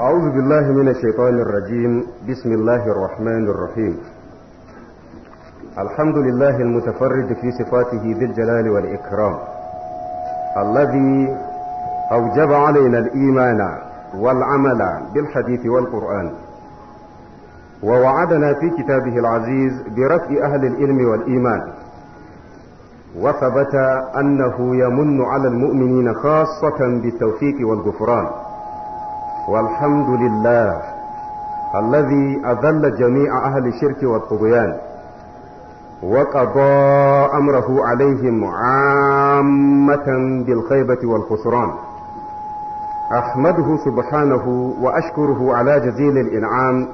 أعوذ بالله من الشيطان الرجيم بسم الله الرحمن الرحيم الحمد لله المتفرد في صفاته بالجلال والإكرام الذي أوجب علينا الإيمان والعمل بالحديث والقرآن ووعدنا في كتابه العزيز برفع أهل العلم والإيمان وثبت أنه يمن على المؤمنين خاصة بالتوفيق والغفران والحمد لله الذي أذل جميع أهل الشرك والطغيان وقضى أمره عليهم عامة بالخيبة والخسران أحمده سبحانه وأشكره على جزيل الإنعام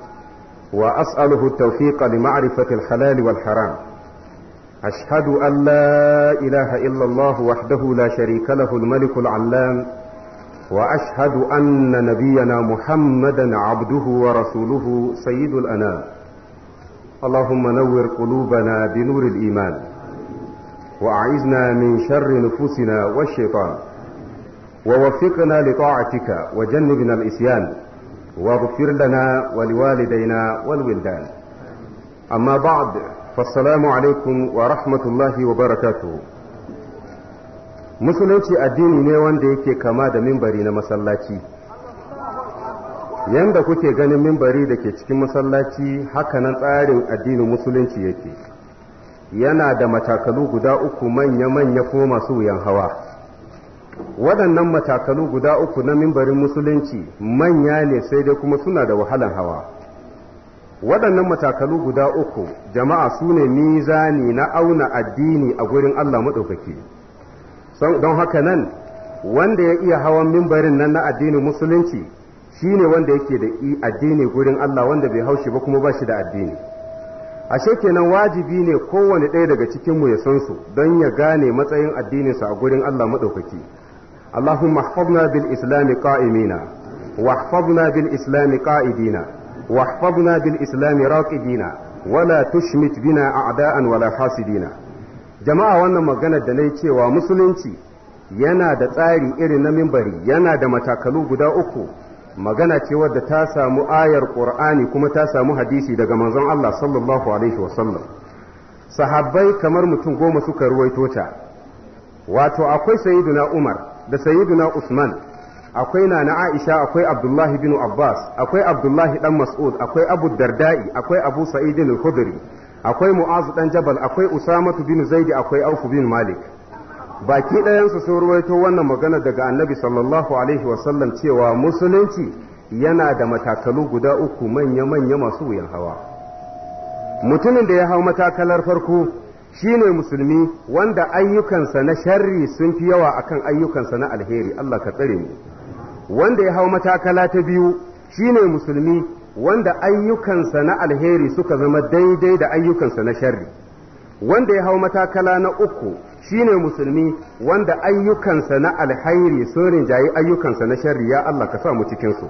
وأسأله التوفيق لمعرفة الحلال والحرام أشهد أن لا إله إلا الله وحده لا شريك له الملك العلام وأشهد أن نبينا محمدا عبده ورسوله سيد الأنام اللهم نور قلوبنا بنور الإيمان وأعزنا من شر نفوسنا والشيطان ووفقنا لطاعتك وجنبنا الإسيان واغفر لنا ولوالدينا والولدان أما بعد فالسلام عليكم ورحمة الله وبركاته musulunci addini ne wanda yake kama da mimbari na masallaci yanda kuke ganin mimbari da ke cikin masallaci hakanan tsarin addinin musulunci yake yana da matakalu guda uku manya-manya ko masu wuyan hawa waɗannan matakalu guda uku na mimbarin musulunci manya ne sai dai kuma suna da wahalan hawa waɗannan matakalu guda uku jama'a su ne mizani na auna addini a gurin allah maɗaukaki don haka nan wanda ya iya hawan mimbarin nan na addinin musulunci shi ne wanda yake da addini gurin Allah wanda bai haushi ba kuma ba shi da addini ashe kenan wajibi ne kowane ɗaya daga cikin mu ya san su don ya gane matsayin addininsa a gurin Allah maɗaukaki Allahumma ihfazna bil islami qa'imina wa bil islami qa'idina wa bil islami raqidina wala tushmit bina a'da'an wala hasidina jama'a wannan maganar da na yi cewa musulunci yana da tsari irin na mimbari yana da matakalu guda uku magana ce wadda ta samu ayar ƙur'ani kuma ta samu hadisi daga manzon Allah sallallahu alaihi wasallam sahabbai kamar mutum goma suka ruwaito ta wato akwai sayyiduna Umar da sayyiduna Usman akwai nana Aisha akwai Abdullahi bin Abbas akwai Abdullahi dan Mas'ud akwai Abu Darda'i akwai Abu Sa'id al-Khudri akwai mu'azu dan jabal akwai usamatu bin zaidi akwai aufu bin malik baki ɗayansu sun ruwaito wannan magana daga annabi sallallahu alaihi wasallam cewa musulunci yana da matakalu guda uku manya-manya masu wuyan hawa mutumin da ya hau matakalar farko shine musulmi wanda ayyukansa na sharri sun fi yawa akan ayyukansa na alheri Allah ka tsare mu wanda ya hau matakala ta biyu shine musulmi wanda ayyukansa na alheri suka zama daidai da ayyukansa na sharri wanda ya hau matakala na uku shine musulmi wanda ayyukansa na alheri sun rinjayi ayyukansa na sharri ya Allah ka sa mu cikin su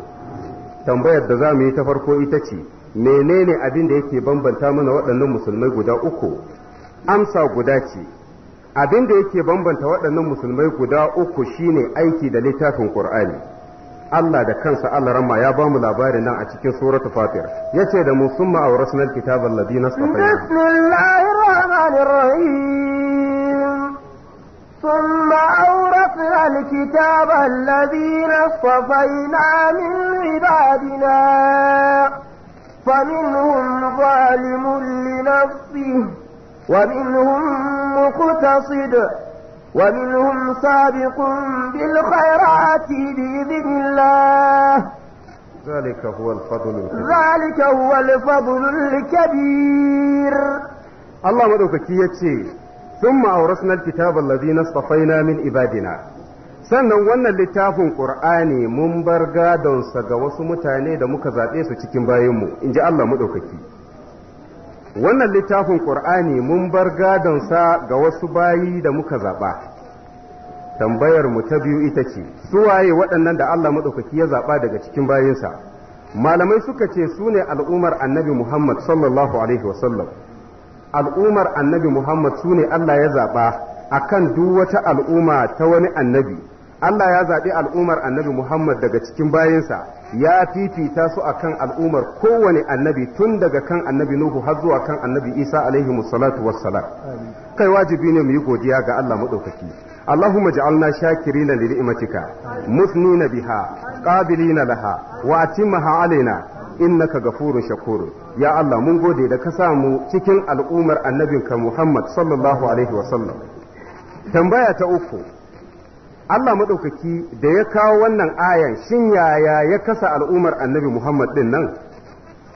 tambayar da zamu yi ta farko ita ce menene abin da yake bambanta mana waɗannan musulmai guda uku amsa guda ce abin da yake bambanta waɗannan musulmai guda uku shine aiki da littafin qur'ani Allah da kansa Allah ramma ya bamu labarin nan a cikin suratul Fatir yace da mu summa awrasnal alkitaba alladhi nastafayna Bismillahir Rahmanir Rahim summa awrasnal alkitaba alladhi nastafayna min ibadina zalimun li nafsihi wa minhum مقتصد ومنهم سابق بالخيرات بإذن الله ذلك هو الفضل الكبير ذلك هو الفضل الكبير الله مدوكتي يتشي ثم أورثنا الكتاب الذين اصطفينا من إبادنا sannan wannan littafin ƙur'ani mun bar gadonsa ga wasu mutane da muka zaɓe su cikin bayanmu in ji Allah maɗaukaki wannan littafin ƙur'ani mun bar gadonsa ga wasu bayi da muka zaɓa tambayar mu ta biyu ita ce su waye waɗannan da Allah maɗaukaki ya zaɓa daga cikin bayinsa malamai suka ce su ne al'ummar annabi muhammad sallallahu alaihi wasallam al'ummar annabi muhammad su ne Allah ya zaɓa akan duk wata al'umma ta wani annabi Allah ya zaɓi al'ummar annabi Muhammad daga cikin bayansa ya fifita su a kan al'umar kowane annabi tun daga kan annabi Nuhu har zuwa kan annabi Isa alaihi musallatu wassalam. Kai wajibi ne mu yi godiya ga Allah maɗaukaki. Allahumma ja'alna shakirina li ni'matika musnina biha qabilina laha wa atimmaha alaina innaka furin shakurun ya Allah mun gode da ka samu cikin al'umar annabinka Muhammad sallallahu alaihi wasallam. Tambaya ta uku Allah maɗaukaki da ya kawo wannan ayan shin yaya ya kasa al'ummar annabi Muhammad din nan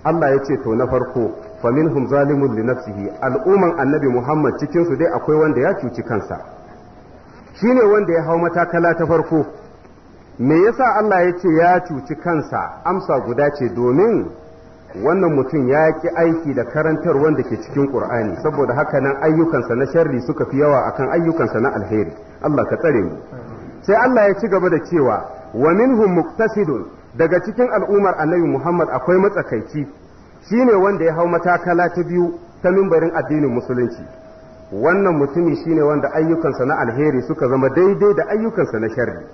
Allah ya ce to na farko faminhum zalimun li nafsihi al'umman annabi Muhammad cikin su dai akwai wanda ya cuci kansa shine wanda ya hau matakala ta farko me yasa Allah ya ce ya cuci kansa amsa guda ce domin wannan mutum ya ki aiki da karantar wanda ke cikin Qur'ani saboda haka nan ayyukansa na sharri suka fi yawa akan ayyukansa na alheri Allah ka tsare mu sai Allah ya ci gaba da cewa wa minhum muqtasidun daga cikin al'ummar annabi Muhammad akwai matsakaici shine wanda ya hau matakala ta biyu ta mimbarin addinin musulunci wannan mutumi shine wanda ayyukansa na alheri suka zama daidai da ayyukansa na sharri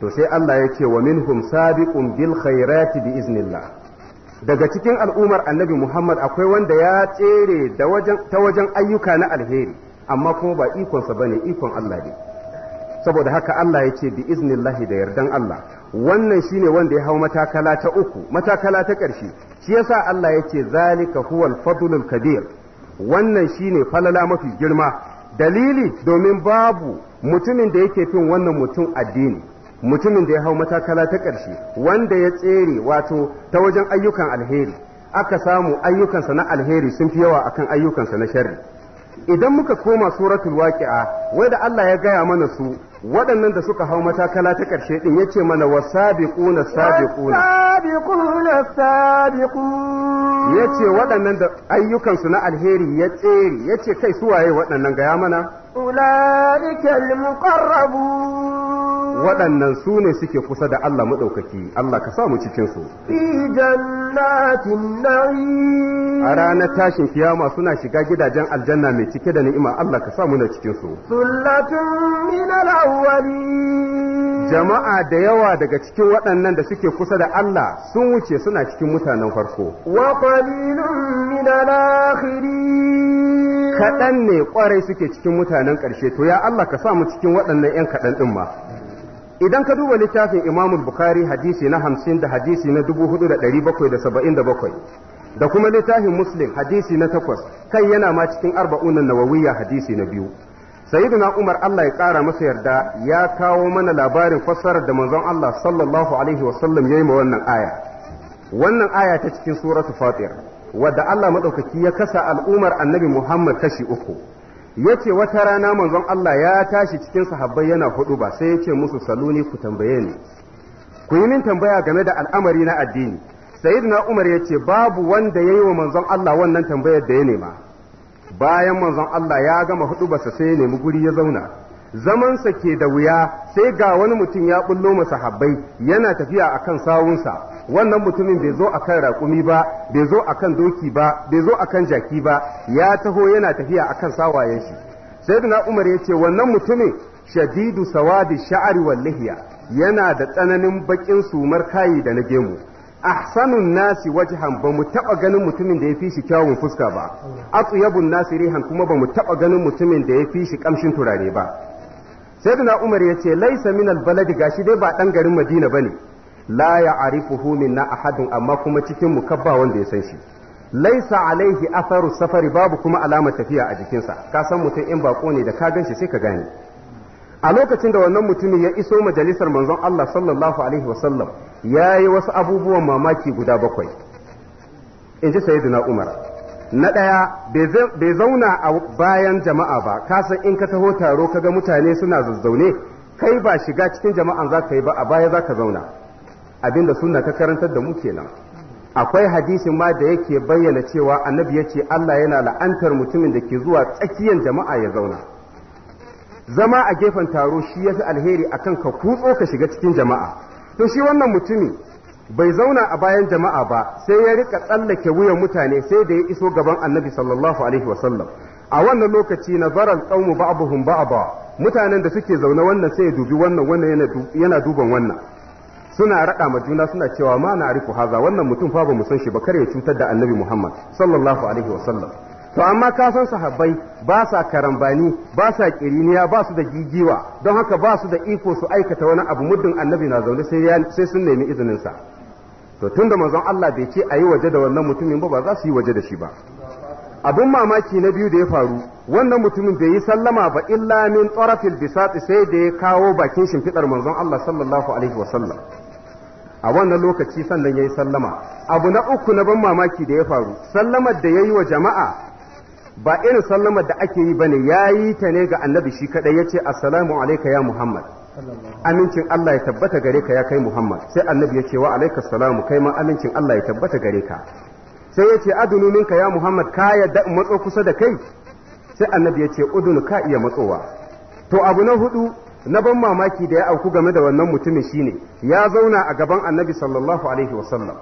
to sai Allah ya ce wa minhum sabiqun bil khairati bi iznillah daga cikin al'ummar annabi Muhammad akwai wanda ya tsere da wajen ta wajen ayyuka na alheri amma kuma ba ikonsa bane ikon Allah ne saboda haka Allah ya ce bi iznillahi da yardan Allah wannan shine wanda ya hau matakala ta uku matakala ta ƙarshe shi yasa Allah ya ce zalika huwal fadlul kabir wannan shine falala mafi girma dalili domin babu mutumin da yake fin wannan mutum addini mutumin da ya hau matakala ta ƙarshe wanda ya tsere wato ta wajen ayyukan alheri aka samu ayyukansa na alheri sun fi yawa akan ayyukansa na sharri idan muka koma suratul waqi'a wai da Allah ya gaya mana su waɗannan da suka hau matakala ta ƙarshe ɗin ya ce mana wa sabiquna sabiquna ya ce waɗannan da ayyukansu na alheri ya tsere ya ce kai suwaye waɗannan gaya mana ulaika almuqarrabun waɗannan su ne suke kusa da Allah maɗaukaki Allah ka samu cikinsu a ranar tashin kiyama suna shiga gidajen aljanna mai cike da ni'ima Allah ka samu na cikinsu jama'a da yawa daga cikin waɗannan da suke kusa da Allah sun wuce suna cikin mutanen farko kaɗan ne ƙwarai suke cikin mutanen ƙarshe to ya Allah ka samu cikin waɗannan 'yan kaɗan ɗin ma idan ka duba littafin imamul bukhari hadisi na hamsin da hadisi na dubu hudu da dari bakwai da saba'in da bakwai da kuma littafin muslim hadisi na takwas kai yana ma cikin arba'unan nawawiyya hadisi na biyu sayyiduna umar allah ya ƙara masa yarda ya kawo mana labarin fassarar da manzon allah sallallahu alaihi wasallam ya yi ma wannan aya wannan aya ta cikin suratu fatir wadda allah madaukaki ya kasa al'umar annabi muhammad kashi uku yace wata rana manzon Allah ya tashi cikin sahabbai yana hudu ba sai yace musu saluni ku tambaye ni ku yi min tambaya game da al'amari na addini sayyidina Umar yace babu wanda yayi wa manzon Allah wannan tambayar da ya nema bayan manzon Allah ya gama hudu ba sai ya nemi guri ya zauna zamansa ke da wuya sai ga wani mutum ya bullo masa habbai yana tafiya akan sawunsa wannan mutumin bai zo akan raƙumi ba bai zo akan doki ba bai zo akan jaki ba ya taho yana tafiya akan sawayen shi sayyidina umar ya ce wannan mutumin shadidu sawadi sha'ari wal yana da tsananin bakin sumar kayi da na gemu ahsanun nasi wajhan ba mu taba ganin mutumin da ya fi shi kyawun fuska ba atyabun nasi rihan kuma ba mu taba ganin mutumin da ya fi shi kamshin turare ba sayyidina umar ya ce laisa min baladi gashi dai ba ɗan garin madina bane la ya ya'rifuhu na ahadin amma kuma cikin mukabba wanda ya san shi laisa alaihi atharu safari babu kuma alamar tafiya a jikinsa ka san mutum in bako ne da ka ganshi sai ka gane a lokacin da wannan mutumin ya iso majalisar manzon Allah sallallahu alaihi wasallam ya yi wasu abubuwan mamaki guda bakwai in ji sayyidina Umar na ɗaya bai zauna a bayan jama'a ba ka san in ka taho taro ka ga mutane suna zazzaune kai ba shiga cikin jama'an za ka yi ba a baya za ka zauna abinda sunna ta karantar da mu kenan akwai hadisin ma da yake bayyana cewa annabi ya ce Allah yana la'antar mutumin da ke zuwa tsakiyar jama'a ya zauna zama a gefen taro shi ya fi alheri akan ka kutso ka shiga cikin jama'a to shi wannan mutumi bai zauna a bayan jama'a ba sai ya rika tsallake wuyan mutane sai da ya iso gaban annabi sallallahu alaihi wasallam a wannan lokaci na baral qaumu ba'dhum ba'dha mutanen da suke zaune wannan sai ya dubi wannan wannan yana duban wannan suna raɗa ma juna suna cewa ma na arifu haza wannan mutum fa ba mu san shi ba kare ya cutar da annabi Muhammad sallallahu alaihi wa sallam to amma ka san sahabbai ba sa karambani ba sa kiriniya ba su da gigiwa don haka ba su da iko su aikata wani abu muddin annabi na zaune sai sai sun nemi izinin sa to tunda manzon Allah bai ce ayi waje da wannan mutumin ba ba za su yi waje da shi ba abun mamaki na biyu da ya faru wannan mutumin bai yi sallama ba illa min tsarafil bisati sai da ya kawo bakin shimfiɗar manzon Allah sallallahu alaihi wasallam a wannan lokaci sannan ya yi sallama abu na uku na ban mamaki da ya faru sallamar da ya yi wa jama'a ba irin sallamar da ake yi bane ya yi ta ne ga annabi shi kaɗai ya ce assalamu alaika ya muhammad amincin Allah ya tabbata gare ka ya kai muhammad sai annabi ya ce wa alaika salamu kai ma amincin Allah ya tabbata gare ka sai ya ce adunu ya muhammad ka yadda matso kusa da kai sai annabi ya ce udunu ka iya matsowa to abu na hudu na ban mamaki da ya auku game da wannan mutumin shine ya zauna a gaban annabi sallallahu alaihi wasallam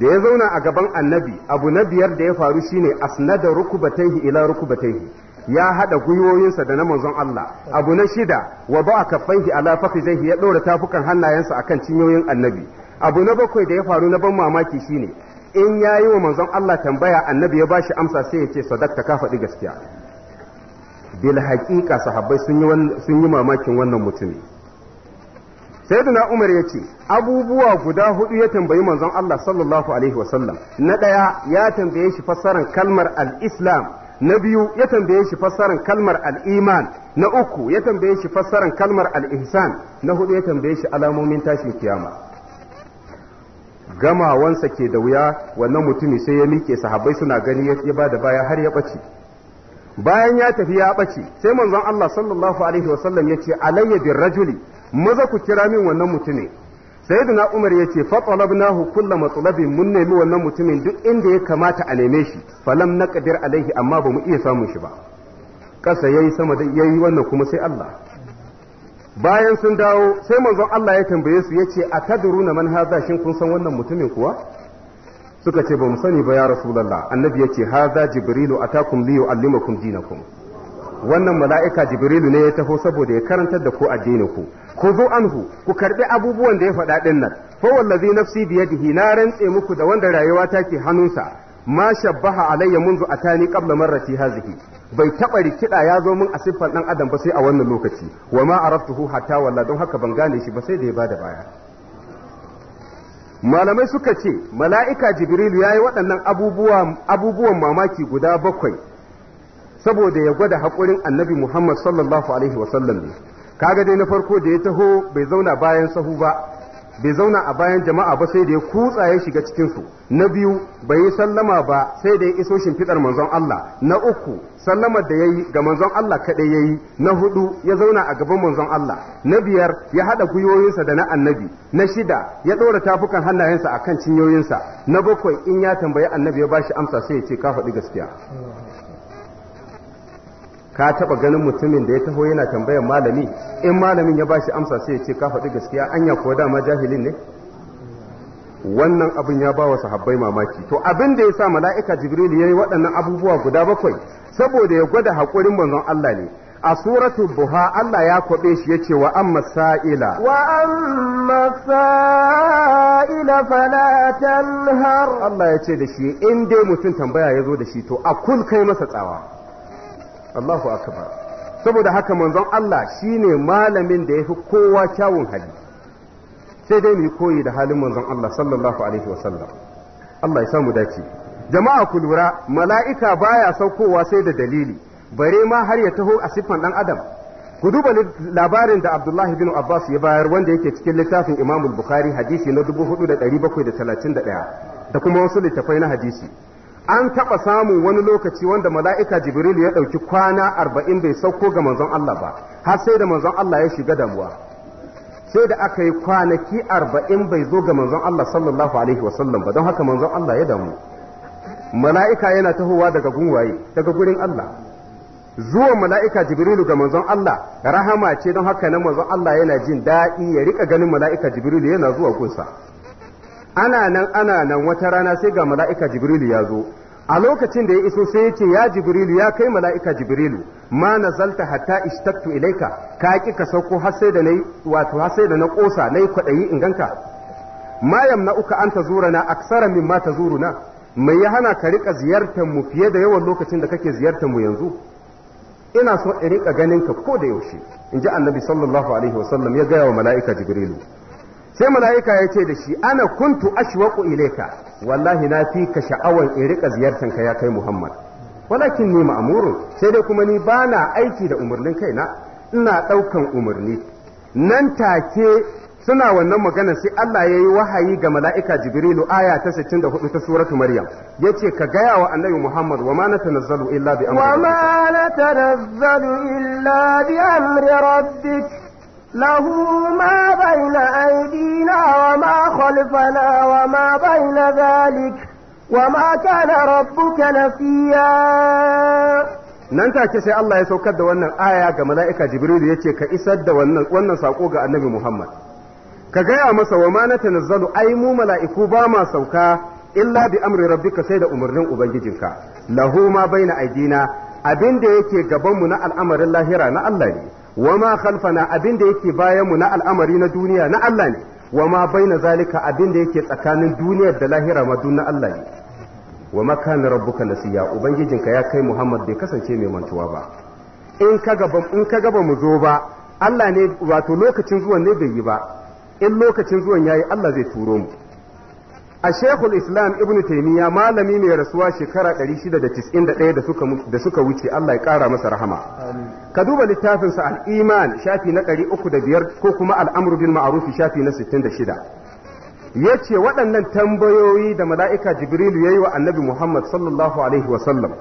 da ya zauna a gaban annabi abu na biyar da ya faru shine asnada rukubataihi ila rukubataihi ya hada gwiwoyinsa da na manzon Allah abu na shida wa ba kaffaihi ala zai ya dora tafukan hannayensa akan cinyoyin annabi abu na bakwai da ya faru na ban mamaki shine in ya yi wa manzon Allah tambaya annabi ya ba shi amsa sai ya ce sadaqta ka faɗi gaskiya bil haƙiƙa sahabbai sun yi mamakin wannan mutumi sayyidina umar ya ce abubuwa guda hudu ya tambayi manzon Allah sallallahu alaihi wasallam na ɗaya ya tambaye shi fassaran kalmar al-islam na biyu ya tambaye shi fassaran kalmar al-iman na uku ya tambaye shi fassaran kalmar al-ihsan na hudu ya tambaye shi alamomin tashin kiyama gamawansa ke da wuya wannan mutumi sai ya miƙe sahabbai suna gani ya ba da baya har ya ɓace bayan ya tafi ya ɓace sai manzon Allah sallallahu alaihi wasallam ya ce alayya bir rajuli maza ku kira min wannan mutumin sayyidina Umar ya ce fatalabnahu kulla matsalabin mun nemi wannan mutumin duk inda ya kamata a neme shi falam naqdir alaihi amma ba mu iya samun shi ba kasa yayi sama da yayi wannan kuma sai Allah bayan sun dawo sai manzon Allah ya tambaye su ya yace atadruna man hadha shin kun san wannan mutumin kuwa suka ce ba mu sani ba ya rasulullah annabi yace haza jibrilu atakum li yuallimakum dinakum wannan mala'ika jibrilu ne ya taho saboda ya karantar da ku addini ku ku zo anhu ku karbi abubuwan da ya faɗa din nan fa wallazi nafsi biyadihi na rantse muku da wanda rayuwa ta ke hannunsa ma shabbaha alayya munzu atani qabla marrati hazihi bai taba rikida ya zo mun a dan adam ba sai a wannan lokaci wa ma araftuhu hatta walla don haka ban gane shi ba sai da ya bada baya malamai suka ce mala'ika jibrilu ya yi waɗannan abubuwan mamaki guda bakwai saboda ya gwada haƙurin annabi muhammad sallallahu alaihi wasallam ne kaga dai na farko da ya taho bai zauna bayan sahu ba bai zauna a bayan jama'a ba sai da ya kutsa ya shiga cikin su na biyu bai yi sallama ba sai da ya iso shimfiɗar manzon Allah na uku sallamar da yayi ga manzon Allah kaɗai ya yi na hudu ya zauna a gaban manzon Allah na biyar ya haɗa gwiwoyinsa da na annabi na shida ya ɗora tafukan hannayensa akan kan cinyoyinsa na bakwai in ya tambayi annabi ya ba shi amsa sai ya ce ka faɗi gaskiya ka taba ganin mutumin da ya taho yana tambayar malami in malamin ya ba shi amsa sai ya ce ka faɗi gaskiya anya ko dama jahilin ne wannan abin ya ba wa sahabbai mamaki to abin da ya sa mala'ika jibril ya yi waɗannan abubuwa guda bakwai saboda ya gwada haƙurin manzon Allah ne a suratu buha Allah ya kwaɓe shi ya wa amma sa'ila wa amma sa'ila fala tanhar Allah ce da shi in dai mutum tambaya ya zo da shi to a kul kai masa tsawa Allahu akbar saboda haka manzon Allah shine malamin da yafi kowa kyawun hali sai dai mu koyi da halin manzon Allah sallallahu alaihi sallam. Allah ya samu dace jama'a ku lura mala'ika baya saukowa sai da dalili bare ma har ya taho a siffan dan adam ku duba labarin da Abdullahi bin Abbas ya bayar wanda yake cikin littafin Imam Bukhari hadisi na 4731 da kuma wasu littafai na hadisi an taɓa samun wani lokaci wanda mala'ika jibril ya ɗauki kwana arba'in bai sauko ga manzon Allah ba har sai da manzon Allah ya shiga damuwa sai da aka yi kwanaki arba'in bai zo ga manzon Allah sallallahu alaihi wasallam ba don haka manzon Allah ya damu mala'ika yana tahowa daga gunwaye daga gurin Allah zuwa mala'ika jibrilu ga manzon Allah rahama ce don haka na manzon Allah yana jin daɗi ya riƙa ganin mala'ika jibrilu yana zuwa gunsa ana nan ana nan wata rana sai ga mala'ika jibrilu ya zo a lokacin da ya iso sai ya ce ya jibrilu ya kai mala'ika jibrilu ma nazalta hatta ishtaktu ilaika ka ki ka sauko har sai da nayi wato har sai da na kosa nayi kwadayi in ganka ma yamna'uka an tazurana aksara mimma tazuruna mai ya hana ka rika ziyartar mu fiye da yawan lokacin da kake ziyartar mu yanzu ina so in rika ganin ka ko da yaushe in ji annabi sallallahu alaihi wasallam ya gaya wa mala'ika jibrilu sai mala'ika ya ce da shi ana kuntu ashwaqu ilayka wallahi na fi ka sha'awan in rika ziyartan ka ya kai muhammad walakin ni ma'murun sai dai kuma ni bana aiki da umarnin kaina ina daukan umarni nan take suna wannan magana sai Allah ya yi wahayi ga mala'ika Jibrilu aya ta 64 ta suratu Maryam yace ka gaya wa annabi Muhammad wa ma na illa bi amri rabbik wa ma na tanazzalu illa bi amri rabbik له ما بين أيدينا وما خلفنا وما بين ذلك وما كان ربك نسيا nan take sai Allah ya saukar da wannan aya ga mala'ika Jibril ya ce ka isar da wannan wannan sako ga Annabi Muhammad ka gaya masa wa ma natanzalu ai mu mala'iku ba ma sauka illa bi amri rabbika sai da umarnin ubangijinka lahu ma baina aidina abinda da yake gaban mu na al'amarin lahira na Allah ne wa ma khalfana abin da yake bayan mu na al'amari na duniya na Allah ne wa ma baina zalika abin da yake tsakanin duniyar da lahira ma na Allah ne wa ma kana rabbuka nasiya ubangijinka ya kai Muhammad bai kasance mai mantuwa ba in ka gaba in ka gaba mu zo ba Allah ne wato lokacin zuwan ne bai yi ba in lokacin zuwan yayi Allah zai turo mu a shekul islam ibn taimiyya malami mai rasuwa shekara 691 da suka wuce Allah ya kara masa rahama ka duba littafinsa al'iman shafi na 305 ko kuma al'amur bil ma'arufi shafi na 66 ya ce waɗannan tambayoyi da mala'ika jibrilu yayi wa annabi muhammad sallallahu alaihi wasallam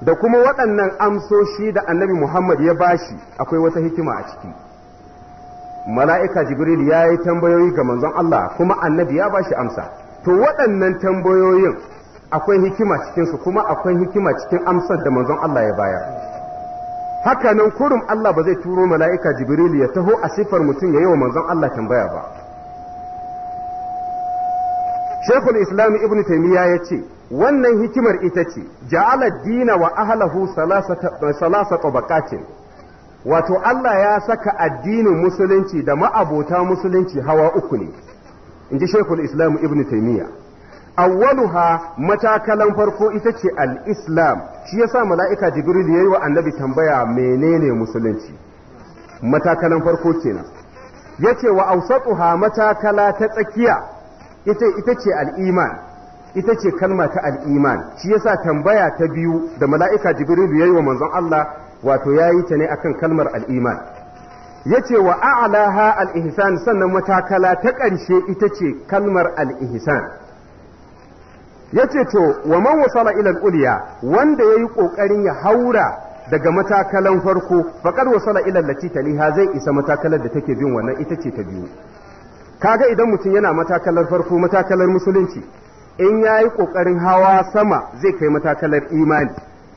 da kuma waɗannan amsoshi da annabi muhammad ya bashi akwai wata hikima a ciki mala'ika jibril ya yi tambayoyi ga manzon allah kuma annabi ya bashi amsa to waɗannan tambayoyin akwai hikima cikinsu kuma akwai hikima cikin amsar da manzon Allah ya bayar haka nan kurum Allah ba zai turo mala'ika jibrilu ya taho a sifar mutum ya yi wa manzon Allah tambaya ba shekul islam ibn taimiyya ya ce wannan hikimar ita ce ja'ala dina wa ahlahu salasa tabaqatin wato Allah ya saka addinin musulunci da ma'abota musulunci hawa uku ne in ji shekul islam ibn taimiyya awwaluha matakalan farko ita ce al-islam shi yasa mala'ika jibril yayi wa annabi tambaya menene musulunci matakalan farko kenan yace wa awsatuha matakala ta tsakiya ita ita ce al-iman ita ce kalma ta al'iman iman shi yasa tambaya ta biyu da mala'ika jibril yayi wa manzon Allah wato yayi ta ne akan kalmar al-iman yace ce wa a'laha al-ihsan sannan matakala ta ƙarshe ita ce kalmar al-ihsan ya ce to wa man wasala ila al-ulya wanda yayi kokarin ya haura daga matakalan farko faqad wasala ila allati taliha zai isa matakalar da take bin wannan ita ce ta biyu kaga idan mutum yana matakalar farko matakalar musulunci in yayi ƙoƙarin hawa sama zai kai matakalar imani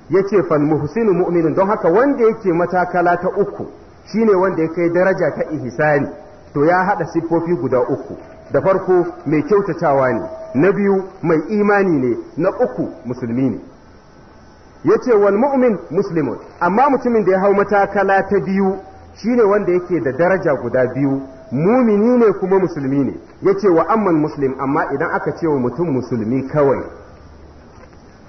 yace fal muhsinu mu'minin don haka wanda yake matakala ta uku shine wanda ya kai daraja ta ihsani to ya hada siffofi guda uku da farko mai kyautatawa ne na biyu mai imani ne na uku musulmi ne yace wal mu'min muslimun amma mutumin da ya hau matakala ta biyu shine wanda yake da daraja guda biyu mumini ne kuma musulmi ne yace wa amman muslim amma idan aka ce wa mutum musulmi kawai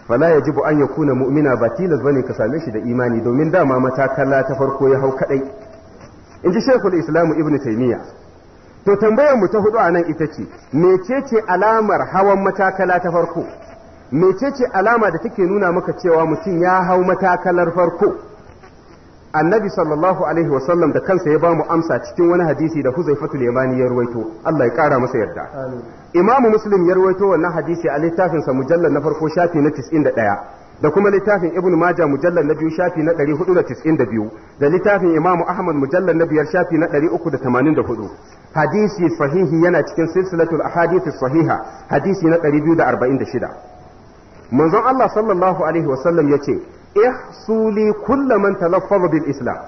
fala ya ji yajibu ya kuna mu'mina ba tilas ba ne ka same shi da imani domin dama matakala ta farko ya hau kaɗai. in ji shekul islamu ibn taimiyya to tambayar mu ta hudu a nan ita ce mecece alamar hawan matakala ta farko mecece alama da take nuna maka cewa mutum ya hau matakalar farko annabi sallallahu alaihi wasallam da kansa ya ba mu amsa cikin wani hadisi da huzaifatul yamani ya ruwaito Allah ya kara masa yarda imamu muslim ya ruwaito wannan hadisi a littafinsa mujallar na farko shafi na 91 da kuma littafin ibn majah mujallar na biyu shafi na ɗari hudu da da da biyu littafin imamu ahmad mujallar na biyar shafi na ɗari uku da da tamanin hudu hadisi sahihi yana cikin silsilatul ahadith sahiha hadisi na ɗari biyu da da arba'in 246 manzon Allah sallallahu alaihi wasallam ce ihsuli kullu man talaffaza bil islam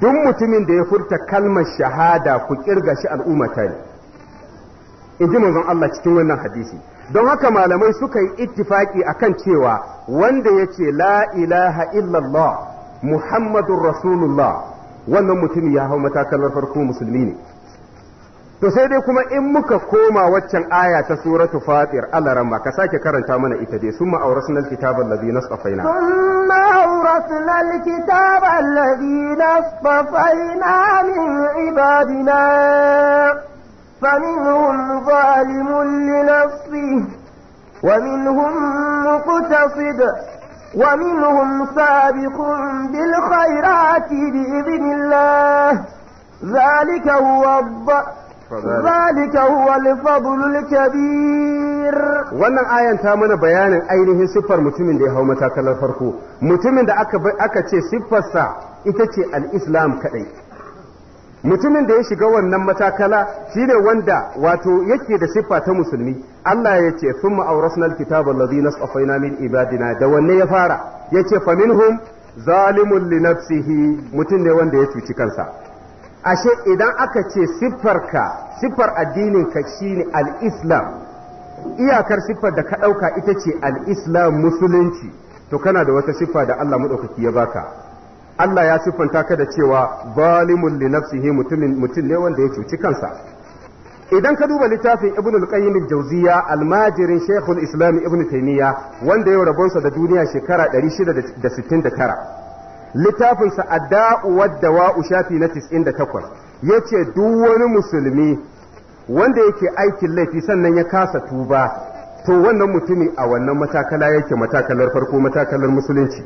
duk mutumin da ya furta kalmar shahada ku kirga shi al'umma ta ne in ji manzon Allah cikin wannan hadisi don haka malamai suka yi ittifaki akan cewa wanda ya ce la ilaha illallah muhammadun rasulullah wannan mutum ya hau matakalar farko musulmi ne to sai dai kuma in muka koma waccan aya ta suratu fatir alarama ka sake karanta mana ita dai summa awrasna alkitaba alladhina safaina summa awrasna alkitaba alladhina safaina min ibadina فمنهم ظالم لنفسه ومنهم مقتصد ومنهم سابق بالخيرات بإذن الله ذلك هو الضأ ذلك هو الفضل الكبير wannan ayan ta mana bayanin ainihin siffar mutumin da ya hau matakalar farko mutumin da aka ce siffarsa ita ce al-islam kadai mutumin da ya shiga wannan matakala shine wanda wato yake da siffa ta musulmi Allah ya ce thumma awrasna alkitaba alladhina safaina min ibadina da wanne ya fara yace fa minhum zalimun li nafsihi mutum ne wanda ya cuci kansa ashe idan aka ce siffarka siffar addinin ka shine al-islam iyakar siffar da ka dauka ita ce al-islam musulunci to kana da wata siffa da Allah madaukaki ya baka Allah ya siffanta ka da cewa zalimun li nafsihi mutumin mutum ne wanda ya cuci kansa idan ka duba littafin ibn al-qayyim al-jawziya almajirin shaykhul islam ibn taymiya wanda ya rabonsa da duniya shekara 669 littafin sa ad-da'u wad-dawa'u shafi na 98 yace duk wani musulmi wanda yake aikin laifi sannan ya kasa tuba to wannan mutumi a wannan matakala yake matakalar farko matakalar musulunci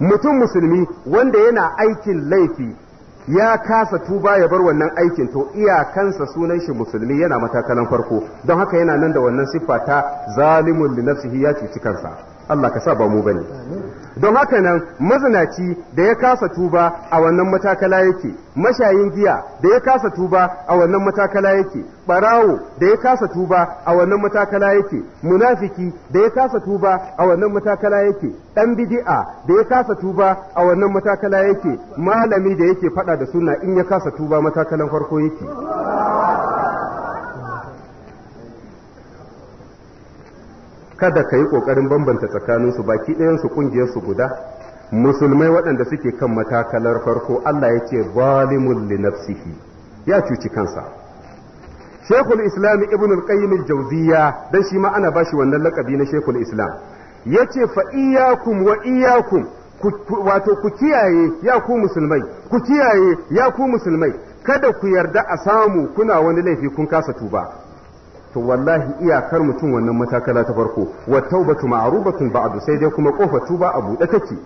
mutum musulmi wanda yana aikin laifi ya kasa tuba ya bar wannan aikin to iyakansa sunan shi musulmi yana matakalan farko don haka yana nan da wannan siffa ta zalimun li nafsihi ya ci kansa Allah ka sa ba mu bane don haka nan mazinaci da ya kasa tuba a wannan matakala yake mashayin giya da ya kasa tuba a wannan matakala yake barawo da ya kasa tuba a wannan matakala yake munafiki da ya kasa tuba a wannan matakala yake dan bid'a da ya kasa tuba a wannan matakala yake malami da yake fada da suna in ya kasa tuba matakalan farko yake kada ka yi ƙoƙarin bambanta tsakaninsu baki ɗayansu ƙungiyarsu guda musulmai waɗanda suke kan matakalar farko Allah ya ce zalimun li nafsihi ya cuci kansa Shekul Islam Ibn al-Qayyim al shi ma ana bashi wannan lakabi na Shekul Islam yace fa iyyakum wa iyyakum wato ku kiyaye ya ku musulmai ku kiyaye ya ku musulmai kada ku yarda a samu kuna wani laifi kun kasa tuba to wallahi iyakar mutum wannan matakala ta farko wa taubatu ma'rubatun ba'du sai dai kuma kofa tuba a buɗe take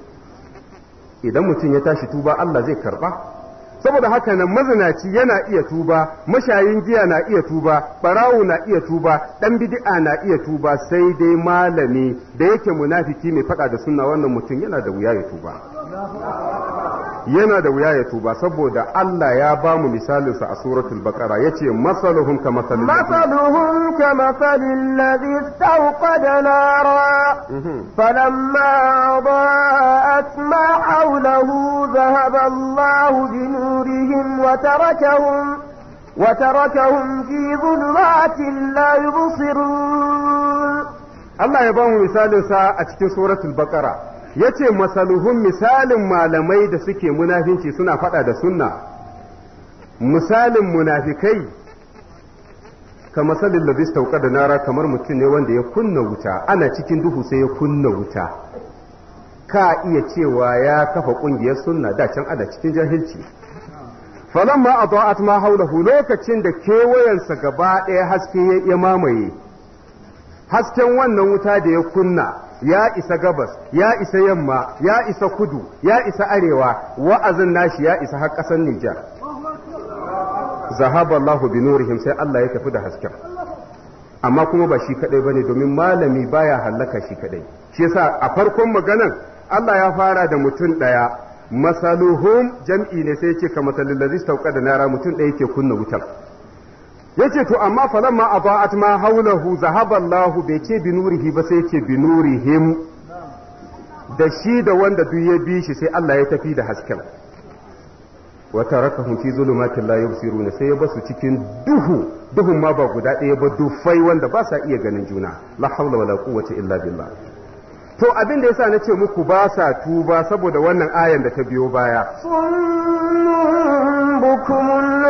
idan mutum ya tashi tuba Allah zai karba saboda haka nan mazinaci yana iya tuba mashayin giya na iya tuba barawo na iya tuba dan bid'a na iya tuba sai dai malami da yake munafiki mai faɗa da sunna wannan mutum yana da wuya ya tuba yana da wuya ya tuba saboda Allah ya ba mu misalin sa a suratul baqara yace masaluhum ka masalil masaluhum ka masalil ladhi istawqada nara falamma adaa'at ma hawlahu dhahaba Allahu bi nurihim wa tarakahum wa tarakahum fi la yubsirun Allah ya ba mu misalin sa a cikin suratul baqara Ya ce masaluhum misalin malamai da suke munafinci suna fada da sunna misalin munafikai ka masalin ladis da nara kamar mutum ne wanda ya kunna wuta ana cikin duhu sai ya kunna wuta ka iya cewa ya kafa kungiyar sunna da can ada cikin jahilci falamma adwa'at ma haulahu lokacin da kewayensa gaba ɗaya haske ya mamaye hasken wannan wuta da ya kunna ya isa gabas ya isa yamma ya isa kudu ya isa arewa wa'azin nashi ya isa har kasan Nijar zahaba Allahu bi nurihim sai Allah ya tafi da hasken amma kuma ba shi kadai bane domin malami baya hallaka shi kadai shi yasa a farkon maganan Allah ya fara da mutum daya masaluhum jam'i ne sai ya ce ka sauka da nara mutum daya ke kunna wutar yace to amma falamma aba'at ma haulahu zahaba Allahu bai ce bi nurihi ba sai yace bi nurihim da shi da wanda duk ya bi shi sai Allah ya tafi da hasken wa tarakahum fi zulumatin la yubsiruna sai ya basu cikin duhu duhun ma ba guda ɗaya ba dufai wanda ba sa iya ganin juna la haula wala quwwata illa billah to abin da yasa nace muku ba sa tuba saboda wannan ayan da ta biyo baya sunnun bukumul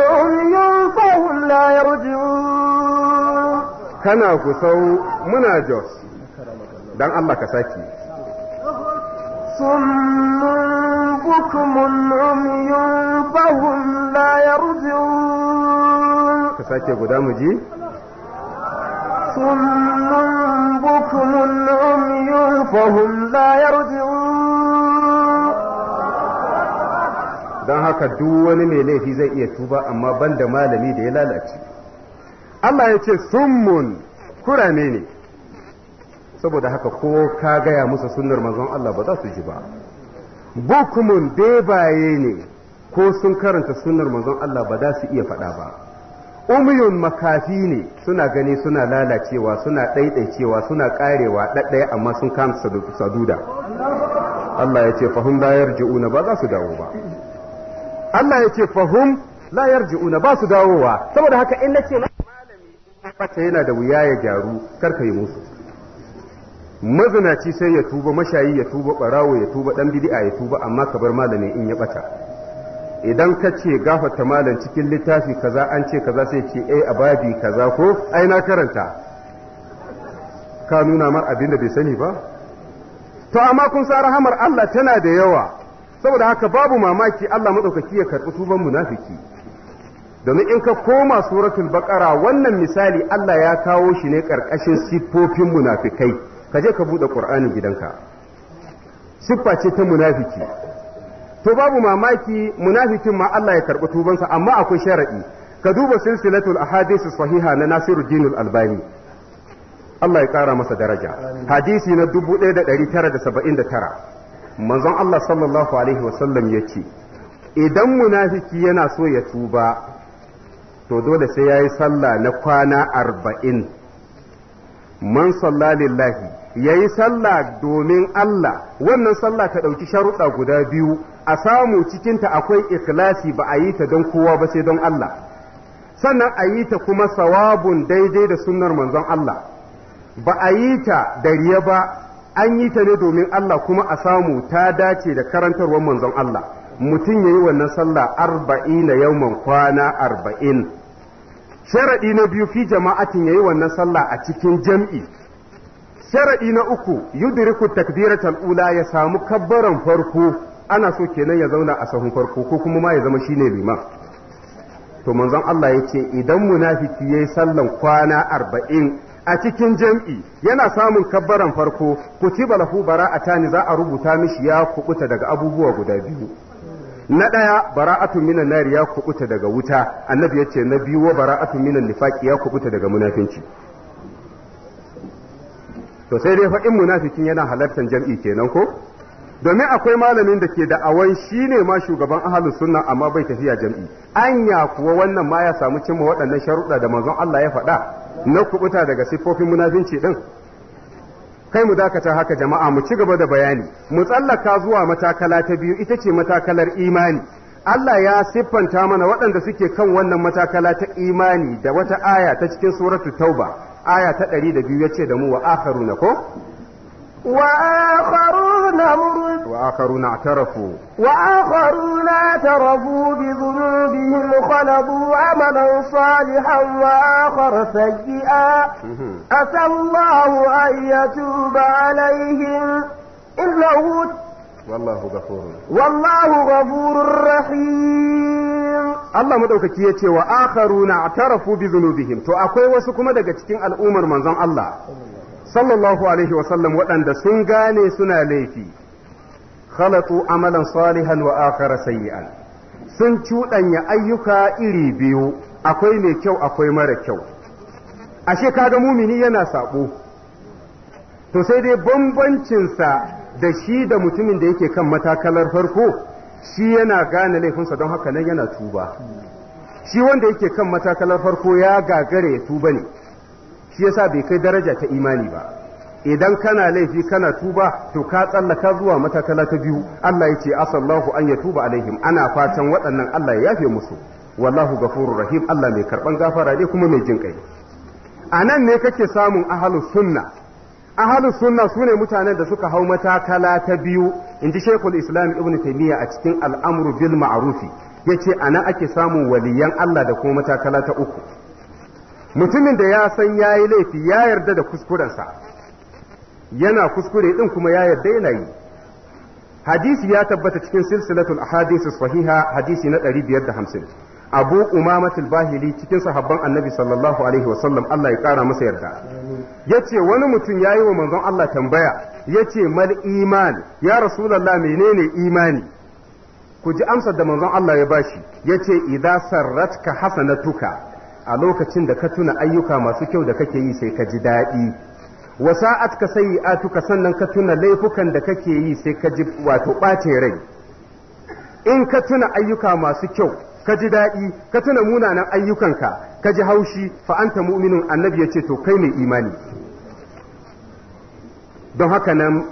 لا يرجعون كنا كسو منا جوس دان الله كساكي صم بكم عمي فهم لا يرجعون كساكي قدام جي صم بكم عمي فهم لا يرجعون don haka duk wani mai laifi zai iya tuba amma ban da malami da ya lalace Allah ya ce summun kurame ne saboda haka ko ka gaya musu sunnar manzon Allah ba za su ji ba bukumun bebaye ne ko sun karanta sunnar manzon Allah ba za su iya faɗa ba umiyun makafi ne suna gani suna lalacewa suna ɗaiɗaicewa suna ƙarewa ɗaɗɗaya amma sun kama saduda Allah ya ce fahim bayar ji'una ba za su dawo ba Allah ya ce fahum la yarji'una ba su dawowa saboda haka in nace malami fata yana da wuya ya gyaru kar ka yi musu mazinaci sai ya tuba mashayi ya tuba barawo ya tuba dan bid'a ya tuba amma ka bar malami in ya bata idan ka ce gafarta malam cikin littafi kaza an ce kaza sai ce eh ababi kaza ko ai na karanta ka nuna mar abin da bai sani ba to amma kun sa rahamar Allah tana da yawa saboda haka babu mamaki Allah madaukaki ya karɓi tuban munafiki domin in ka koma suratul baqara wannan misali Allah ya kawo shi ne ƙarƙashin siffofin munafikai ka je ka buɗe qur'anin gidanka siffa ce ta munafiki to babu mamaki munafikin ma Allah ya karɓi tubansa amma akwai sharaɗi ka duba silsilatul ahadith sahiha na Nasiruddin al-Albani Allah ya kara masa daraja hadisi na 1979 manzon Allah sallallahu alaihi wasallam ya ce idan munafiki yana so ya tuba to dole sai ya yi sallah na kwana arba'in man salla lillahi ya yi sallah domin Allah wannan sallah ta ɗauki sharuɗa guda biyu a samu cikinta akwai ikhlasi ba a yi ta don kowa ba sai don Allah sannan a yi ta kuma sawabun daidai da sunnar manzon Allah ba a yi ta da ba an yi ta ne domin Allah kuma a samu ta dace da karantarwar manzon Allah mutum ya yi wannan sallah arba'ina yawman kwana arba'in sharaɗi na biyu fi jama'atin ya yi wannan sallah a cikin jam'i sharaɗi na uku yudiriku takbirat al'ula ya samu kabbaran farko ana so kenan ya zauna a sahun farko ko kuma ma ya zama shine liman to manzon Allah ya ce idan munafiki yayi sallan kwana arba'in a cikin jam'i yana samun kabbaran farko ku ci kutiba bara'ata ne za a rubuta mishi ya kubuta daga abubuwa guda biyu na ɗaya bara'atun minan nari ya kubuta daga wuta annabi ya ce na biyu wa bara'atun minan nifaqi ya kubuta daga munafinci to sai dai fa'in munafikin yana halartar jam'i kenan ko domin akwai malamin da ke da awan shi ne ma shugaban ahalus sunna amma bai tafiya jam'i anya kuwa wannan ma ya samu cimma waɗannan sharuɗa da manzon Allah ya faɗa na kubuta daga siffofin munafinci din kai mu dakata haka jama'a mu ci gaba da bayani mu tsallaka zuwa matakala ta biyu ita ce matakalar imani Allah ya siffanta mana waɗanda suke kan wannan matakala ta imani da wata aya ta cikin suratu tauba aya ta ɗari da biyu ya ce da mu wa akharuna ko وآخرون مرد وآخرون اعترفوا وآخرون اعترفوا بذنوبهم خلطوا عملا صالحا وآخر سيئا أسى الله أن يتوب عليهم إنه والله غفور والله غفور رحيم Allah madaukaki ya ce wa akharuna atarafu bi dhunubihim to akwai wasu kuma daga cikin al'umar manzon Allah sallallahu alaihi wasallam waɗanda sun gane suna laifi khalatu amalan salihan wa akhara sayyi'an sun cuɗanya ayyuka iri biyu akwai mai kyau akwai mara kyau ashe kaga mumini yana sabo to sai dai bambancinsa da shi da mutumin da yake kan matakalar farko shi yana gane laifinsa don haka nan yana tuba shi wanda yake kan matakalar farko ya gagare ya tuba ne shi yasa bai kai daraja ta imani ba idan kana laifi kana tuba to ka tsallaka zuwa matakala ta biyu Allah yace ce asallahu an ya tuba alaihim ana fatan waɗannan Allah ya yafe musu wallahu ghafurur rahim Allah mai karban gafara ne kuma mai jin kai anan ne kake samun ahlus sunna ahlus sunna sune mutanen da suka hau matakala ta biyu inji shaykhul islam ibnu taymiya a cikin al'amru bil ma'rufi yace anan ake samun waliyan Allah da kuma matakala ta uku mutumin da ya san ya yi laifi ya yarda da kuskurensa yana kuskure ɗin kuma ya yarda yana yi hadisi ya tabbata cikin silsilatul ahadisi sahiha hadisi na 550 abu umamatul bahili cikin sahabban annabi sallallahu alaihi wasallam Allah ya kara masa yarda yace wani mutum ya yi wa manzon Allah tambaya yace mal iman ya rasulullah menene imani ku ji amsar da manzon Allah ya bashi yace idza sarratka hasanatuka a lokacin da ka tuna ayyuka masu kyau da kake yi sai ka ji daɗi wa sa'at ka atuka sannan ka tuna laifukan da kake yi sai ka ji wato ɓace rai in ka tuna ayyuka masu kyau ka ji daɗi ka tuna munanan ayyukanka ka ji haushi fa anta muminin annabi ya ce to kai mai imani don haka nan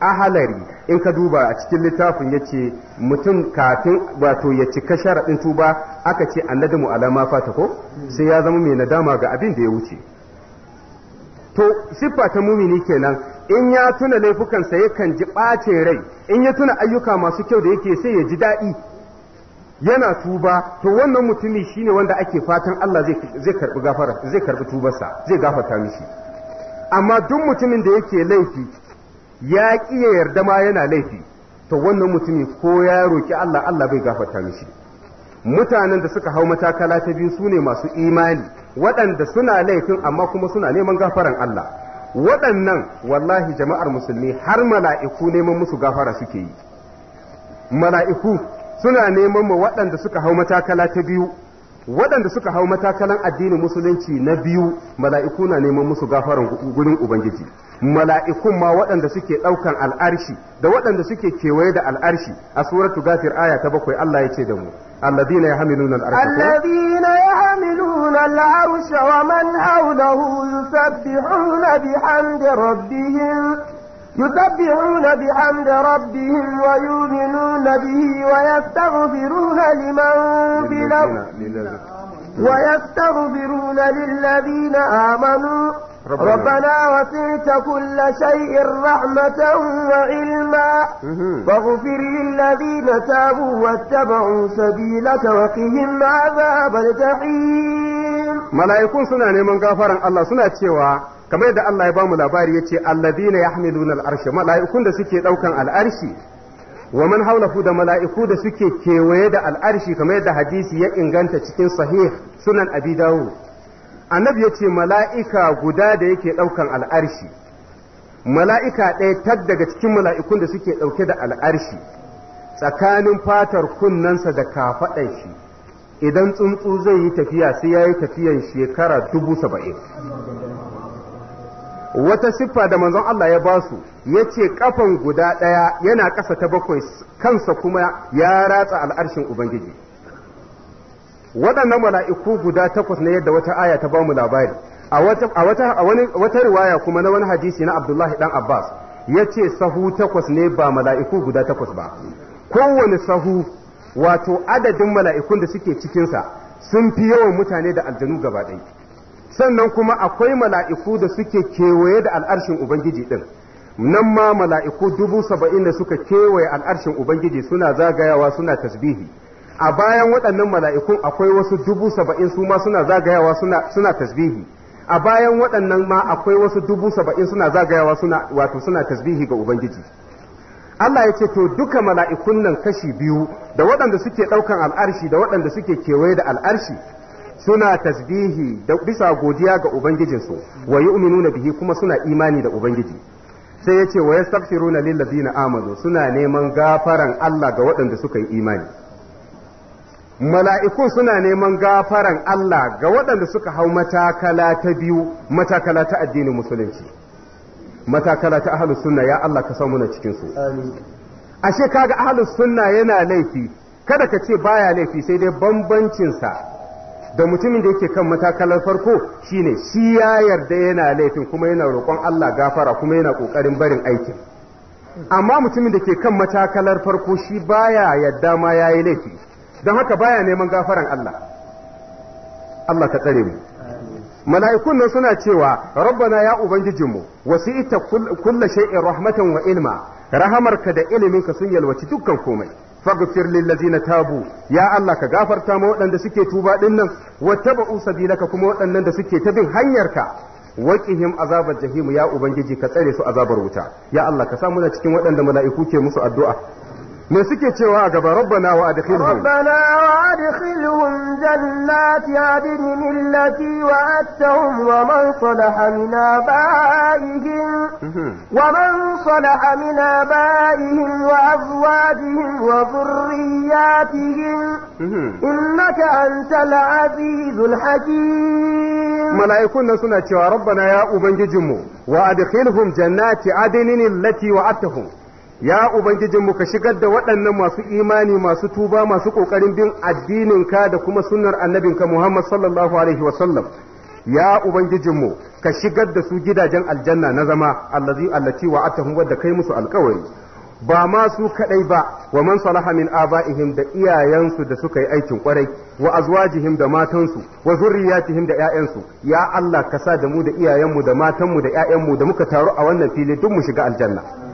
ahalari in ka duba a cikin littafin ya ce mutum kafin wato ya cika sharaɗin tuba aka ce annadamu alama fata ko sai ya zama mai nadama ga abin da ya wuce to siffa ta mumini kenan in ya tuna laifukansa yakan ji ɓace rai in ya tuna ayyuka masu kyau da yake sai ya ji daɗi yana tuba to wannan mutumi shine wanda ake fatan Allah zai karɓi gafara zai karɓi tubarsa zai gafarta mishi amma duk mutumin da yake laifi ya ƙi yarda ma yana laifi to wannan mutumi ko ya roki Allah Allah bai gafarta mishi mutanen da suka hau matakala ta biyu sune masu imani waɗanda suna laifin amma kuma suna neman gafaran Allah waɗannan wallahi jama'ar musulmi har mala'iku neman musu gafara suke yi mala'iku suna neman ma waɗanda suka hau matakala ta biyu waɗanda suka hau matakalan addinin musulunci na biyu mala'iku na neman musu gafarar gudun ubangiji mala'ikun ma waɗanda suke ɗaukan al'arshi da waɗanda suke kewaye da al'arshi a suratu gafir aya ta bakwai Allah ya ce da mu الذين يحملون العرش الذين يحملون العرش ومن حوله يسبحون بحمد ربهم يسبحون بحمد ربهم ويؤمنون به ويستغفرون لمن في الأرض ويستغفرون للذين آمنوا ربنا, وسعت كل شيء رحمة وعلما فاغفر للذين تابوا واتبعوا سبيلك وقهم عذاب الجحيم ملائكون سنة من غفر الله سنة شوى كما da الله يبامل bamu labari الذين يحملون الأرش al-arsha سكي دوكا الأرشي wa man da mala'iku da suke kewaye da al'arshi kamar yadda hadisi ya inganta cikin sahih sunan abi dawud annabi ya ce mala'ika guda da yake daukan al'arshi mala'ika ɗaya tag daga cikin mala'ikun da suke ɗauke da al'arshi tsakanin fatar kunnensa da kafaɗan shi idan tsuntsu zai yi tafiya sai ya yi tafiyan shekara dubu saba'in wata siffa da manzon Allah ya basu yace kafan guda ɗaya yana kasa ta bakwai kansa kuma ya ratsa al'arshin ubangiji waɗannan mala'iku guda takwas ne yadda wata aya ta bamu labari a wata riwaya kuma na wani hadisi na Abdullahi dan Abbas yace sahu takwas ne ba mala'iku guda takwas ba kowane sahu wato adadin mala'ikun da suke cikinsa sun fi yawan mutane da aljanu gaba ɗaya sannan kuma akwai mala'iku da suke kewaye da al'arshin ubangiji din nan ma mala'iku dubu saba'in da suka kewaye al'arshin ubangiji suna zagayawa suna tasbihi a bayan waɗannan mala'ikun akwai wasu dubu saba'in su ma suna zagayawa suna tasbihi a bayan waɗannan ma akwai wasu dubu saba'in suna zagayawa suna wato suna tasbihi ga ubangiji Allah ya ce to duka mala'ikun nan kashi biyu da waɗanda suke ɗaukan al'arshi da waɗanda suke kewaye da al'arshi suna tasbihi da bisa godiya ga ubangijinsu wa yu'minuna bihi kuma suna imani da ubangiji sai yace wa yastaghfiruna lil ladina amanu suna neman gafaran Allah ga waɗanda suka yi imani mala'ikun suna neman gafaran Allah ga waɗanda suka hau matakala ta biyu matakala ta addinin musulunci matakala ta ahlus sunna ya Allah ka samu na cikin su ashe kaga ahlus sunna yana laifi kada ka ce baya laifi sai dai bambancin sa da mutumin da yake kan matakalar farko shine shi ya yarda yana laifin kuma yana roƙon Allah gafara kuma yana ƙoƙarin barin aikin amma mutumin da ke kan matakalar farko shi baya yadda ma yi laifi don haka baya neman gafaran Allah Allah ka tsare mu mala'ikun nan suna cewa rabbana ya ubangijinmu ita kulla shay'in rahmatan wa ilma rahamarka da iliminka sun yalwaci dukkan komai faghfir lil tabu ya Allah ka gafarta ma waɗanda suke tuba dinnan wattaba'u sabilaka kuma waɗannan da suke ta bin hanyarka waqihim azabar jahimu ya ubangiji ka tsare su azabar wuta ya Allah ka sa muna cikin waɗanda mala'iku ke musu addu'a me suke cewa a gaba rabbana wa adkhilhum rabbana wa adkhilhum jannati adnin allati wa'adtahum wa man salaha min abaihim wa man salaha min abaihim wa azwajihim wa dhurriyyatihim innaka antal azizul hakim mala'ikun nan suna cewa rabbana ya ubangijinmu wa adkhilhum jannati adnin allati wa'adtahum ya ubangijinmu ka shigar da waɗannan masu imani masu tuba masu ƙoƙarin bin addininka da kuma sunnar annabinka Muhammad sallallahu alaihi wasallam ya ubangijinmu ka shigar da su gidajen aljanna na zama allazi allati wa'atahum wadda kai musu alƙawari ba ma su kadai ba wa man salaha min aba'ihim da iyayensu da suka yi aikin kwarai wa azwajihim da matansu wa zurriyatihim da ƴaƴansu ya Allah ka sa da mu da iyayenmu da matanmu da ƴaƴanmu da muka taru a wannan fili duk mu shiga aljanna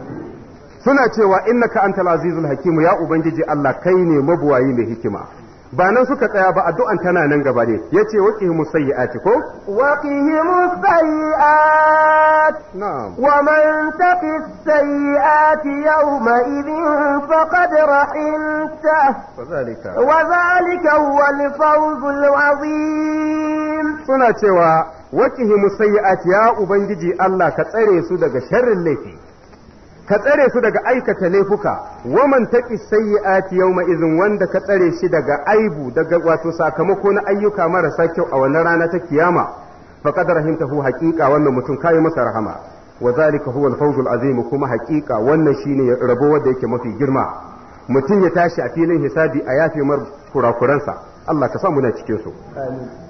suna cewa innaka antal azizul hakimu ya ubangiji Allah kai ne mabuwayi mai hikima ba nan suka tsaya ba addu'an tana nan gaba ne yace waqihimus sayyi'ati ko waqihimus sayyi'at na'am wa man taqis sayyi'ati yawma idhin faqad rahimta wa zalika huwal fawzul azim suna cewa waqihimus sayyi'ati ya ubangiji Allah ka tsare su daga sharrin laifi ka tsare su daga aikata laifuka waman taqi sayyi'ati yawma izin wanda ka tsare shi daga aibu daga wato sakamako na ayyuka marasa kyau a wannan rana ta kiyama rahimta hu haqiqa wannan mutum kai masa rahama wa zalika huwa al-fawzul azim kuma haqiqa wannan shine rabo wanda yake mafi girma mutum ya tashi a filin hisabi a yafe mar kurakuransa Allah ka samu na cikin su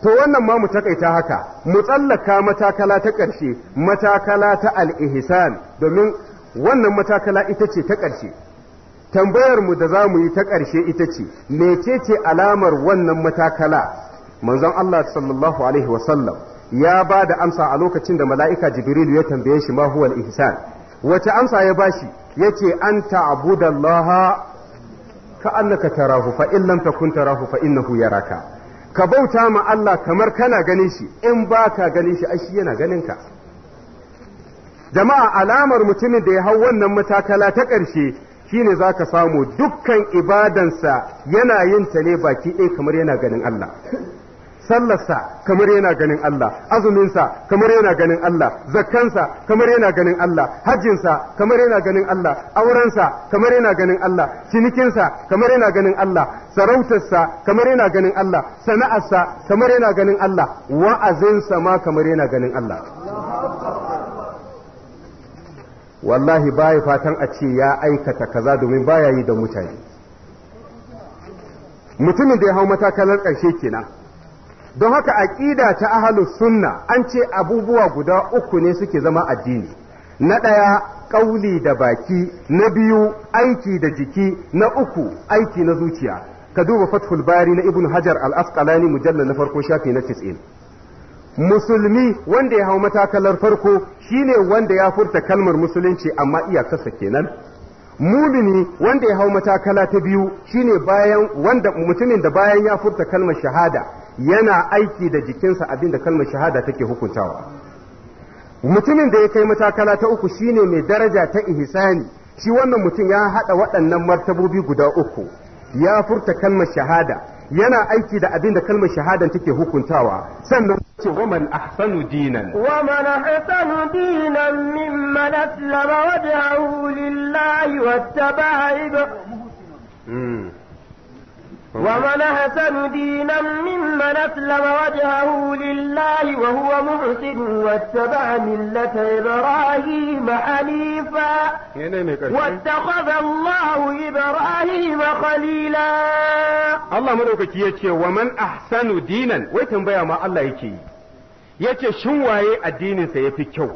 to wannan ma mu takaita haka mu tsallaka matakala ta ƙarshe matakala ta al-ihsan domin wannan matakala ita ce ta ƙarshe tambayar mu da za mu yi ta ƙarshe ita ce mecece alamar wannan matakala manzon Allah sallallahu alaihi wasallam ya ba da amsa a lokacin da mala'ika jibril ya tambaye shi ma huwal ihsan wace amsa ya bashi yace an ta'budallaha ka annaka tarahu fa ka bauta ma Allah kamar kana ganin shi in baka ganin shi ai shi yana ganin ka jama'a alamar mutumin da ya hau wannan matakala ta ƙarshe shine za ka samu dukkan ibadansa yana yin ta ne baki ɗaya kamar yana ganin Allah sallarsa kamar yana ganin Allah azuminsa kamar yana ganin Allah zakkansa kamar yana ganin Allah hajjinsa kamar yana ganin Allah aurensa kamar yana ganin Allah cinikinsa kamar yana ganin Allah sarautarsa kamar yana ganin Allah sana'arsa kamar yana ganin Allah wa'azinsa ma kamar yana ganin Allah wallahi baya fatan a ce ya aikata kaza domin baya yi da mutane mutumin da ya hau matakalar ƙarshe kenan don haka aƙida ta ahalus sunna an ce abubuwa guda uku ne suke zama addini na ɗaya ƙauli da baki na biyu aiki da jiki na uku aiki na zuciya ka duba fathul bari na ibn hajar al-asqalani mujallal na farko shafi na 90 musulmi wanda ya hau matakalar farko shine wanda ya furta kalmar musulunci amma iyakarsa kenan mumini wanda ya hau matakala ta biyu shine bayan wanda mutumin da bayan ya furta kalmar shahada yana aiki da jikinsa abinda kalmar shahada take hukuntawa mutumin da ya kai matakala ta uku shine mai daraja ta ihsani shi wannan mutum ya haɗa waɗannan martabobi guda uku ya furta kalmar shahada yana aiki da abin da kalmar shahadan take hukuntawa sannan ce waman ahsanu dinan waman ahsanu dinan mimman aslama wajhahu lillahi wattaba'a ومن أحسن دينا ممن أسلم وجهه لله وهو محسن واتبع ملة إبراهيم حنيفا واتخذ الله إبراهيم خليلا الله مدوكك يتي ومن أحسن دينا ويتنبيا ما الله يكي yace shin waye addininsa ya fi kyau